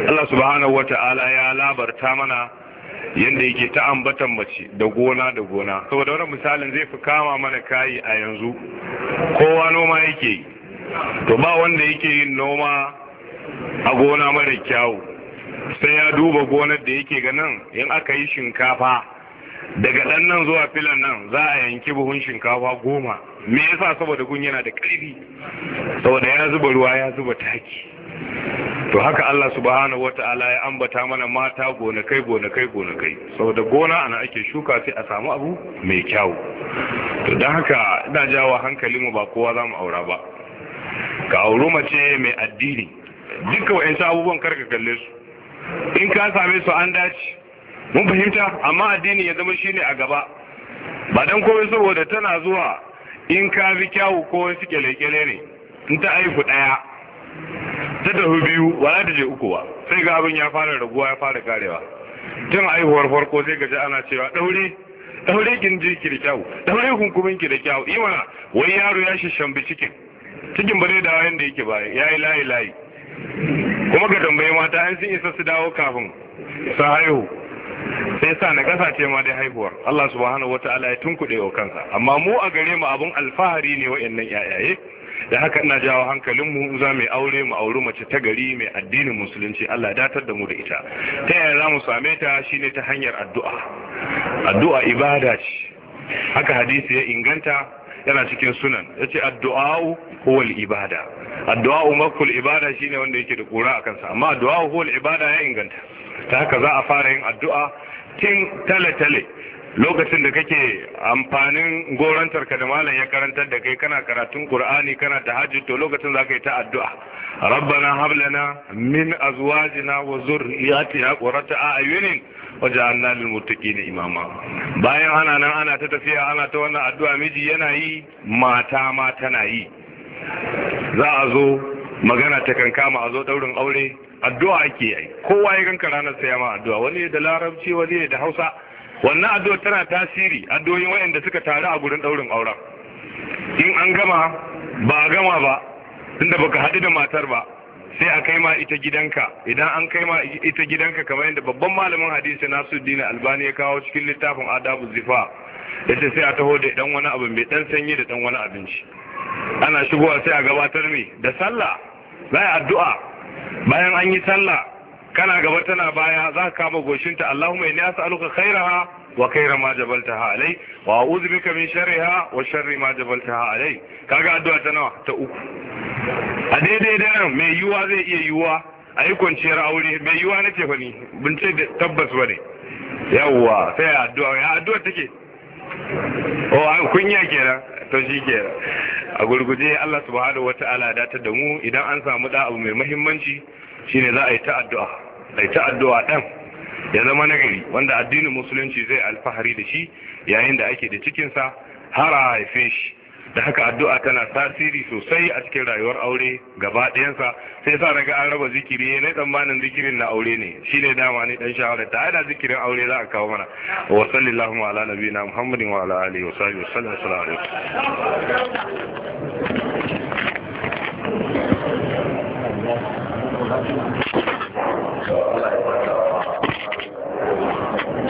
Allah subhanahu wa ya labarta mana yadda yake ta ambatan mace da gona da gona saboda wani misalin zai fi kama mana kayi a yanzu kowa noma yake yi to ba wanda yake yin noma a gona mara kyawu sai ya duba gonar da yake ganin in aka yi shinkafa daga ɗan nan zuwa filan nan za a yanki buhun shinkafa goma me yasa saboda gun yana da ƙarfi saboda ya zuba ruwa ya zuba taki to haka Allah subhanahu wata'ala ya ambata mana mata gonakai gonakai gonakai saboda gona ana ake shuka sai a samu abu mai kyau to don haka ina jawo hankali mu ba kowa za mu aura ba ka auri mace mai addini duka wa'ansu abubuwan karka kalle su in ka same su an dace mun fahimta amma addini ya zama shine a gaba ba dan komai saboda tana zuwa in ka bi kyawu ko wasu kyale ne in ta aiku daya ta biyu ba za ta je uku ba sai ga abin ya fara raguwa ya fara karewa tun aihuwar farko sai gaji ana cewa daure daure ji ki da kyau daure hunkumin ki da kyau yi mana wai yaro ya shambi cikin cikin ba zai dawo yadda yake ba ya yi layi layi kuma ga tambaye mata an sun isa su dawo kafin su haihu sai sa na kasa ce ma dai haihuwar Allah subhanahu wataala ya tunkuɗe wa kansa amma mu a gare mu abun alfahari ne wa'annan yayaye da haka ina jawo hankalin mu za mu aure mu auri mace ta gari mai addinin musulunci Allah datar da mu da ita ta yaya za mu same ta shine ta hanyar addu'a addu'a ibada ce haka hadisi ya inganta yana cikin sunan yace addu'a huwa ibada addu'a makul ibada shine wanda yake da kura a kansa amma addu'a huwa ibada ya inganta ta haka za a fara yin addu'a tin tale-tale lokacin da kake amfanin gorantar ka da malam ya karantar da kai kana karatun qur'ani kana tahajjud to lokacin zaka yi ta addu'a rabbana hab lana min azwajina wa zurriyyatina qurrata a'yunin waj'alna lil muttaqina imama bayan ana nan ana ta tafiya ana ta wannan addu'a miji yana yi mata ma tana yi za a zo magana ta kankama a zo daurin aure addu'a ake yi kowa ya ganka ranar sai ma addu'a wani da larabci wani da hausa wannan Ado tana tasiri addu'o'in wayanda suka taru a gurin ɗaurin auren in an gama ba a gama ba tunda baka haɗu da matar ba sai a kai ma ita gidanka idan an kai ma ita gidanka kamar yadda babban malamin hadisi dina Albani ya kawo cikin littafin Adabu Zifa yace sai a taho da dan wani abu mai dan sanyi da dan wani abinci ana shigowa sai a gabatar me da sallah bayan addu'a bayan an yi sallah kana gaba tana baya za ka kama goshinta Allahumma inni as'aluka khairaha wa khaira ma jabaltaha alai wa a'udhu bika min sharriha wa sharri ma jabaltaha alai kaga addu'a ta nawa ta uku a daidai daren mai yiwuwa zai iya yiwuwa a yi kwanciyar aure mai yiwuwa na ce fani bin ce tabbas bane yawwa sai addu'a ya addu'a take o oh, kunya kenan to shi kenan a gurguje Allah subhanahu wataala ya ta da mu idan an samu da abu mai muhimmanci shine za a yi ta'addu'a a yi ta'addu'a ɗan ya zama nagari wanda addinin musulunci zai alfahari da shi yayin da ake da cikinsa har a haife shi da haka addu'a tana tasiri sosai a cikin rayuwar aure gaba ɗayansa sai sa daga an raba zikiri eh, ne tsammanin zikirin na aure ne shine dama ne dan shawara ta ana zikirin aure za a kawo mana wa sallallahu ala nabiyina muhammadin wa ala alihi wa sahbihi wa sallam Allah ya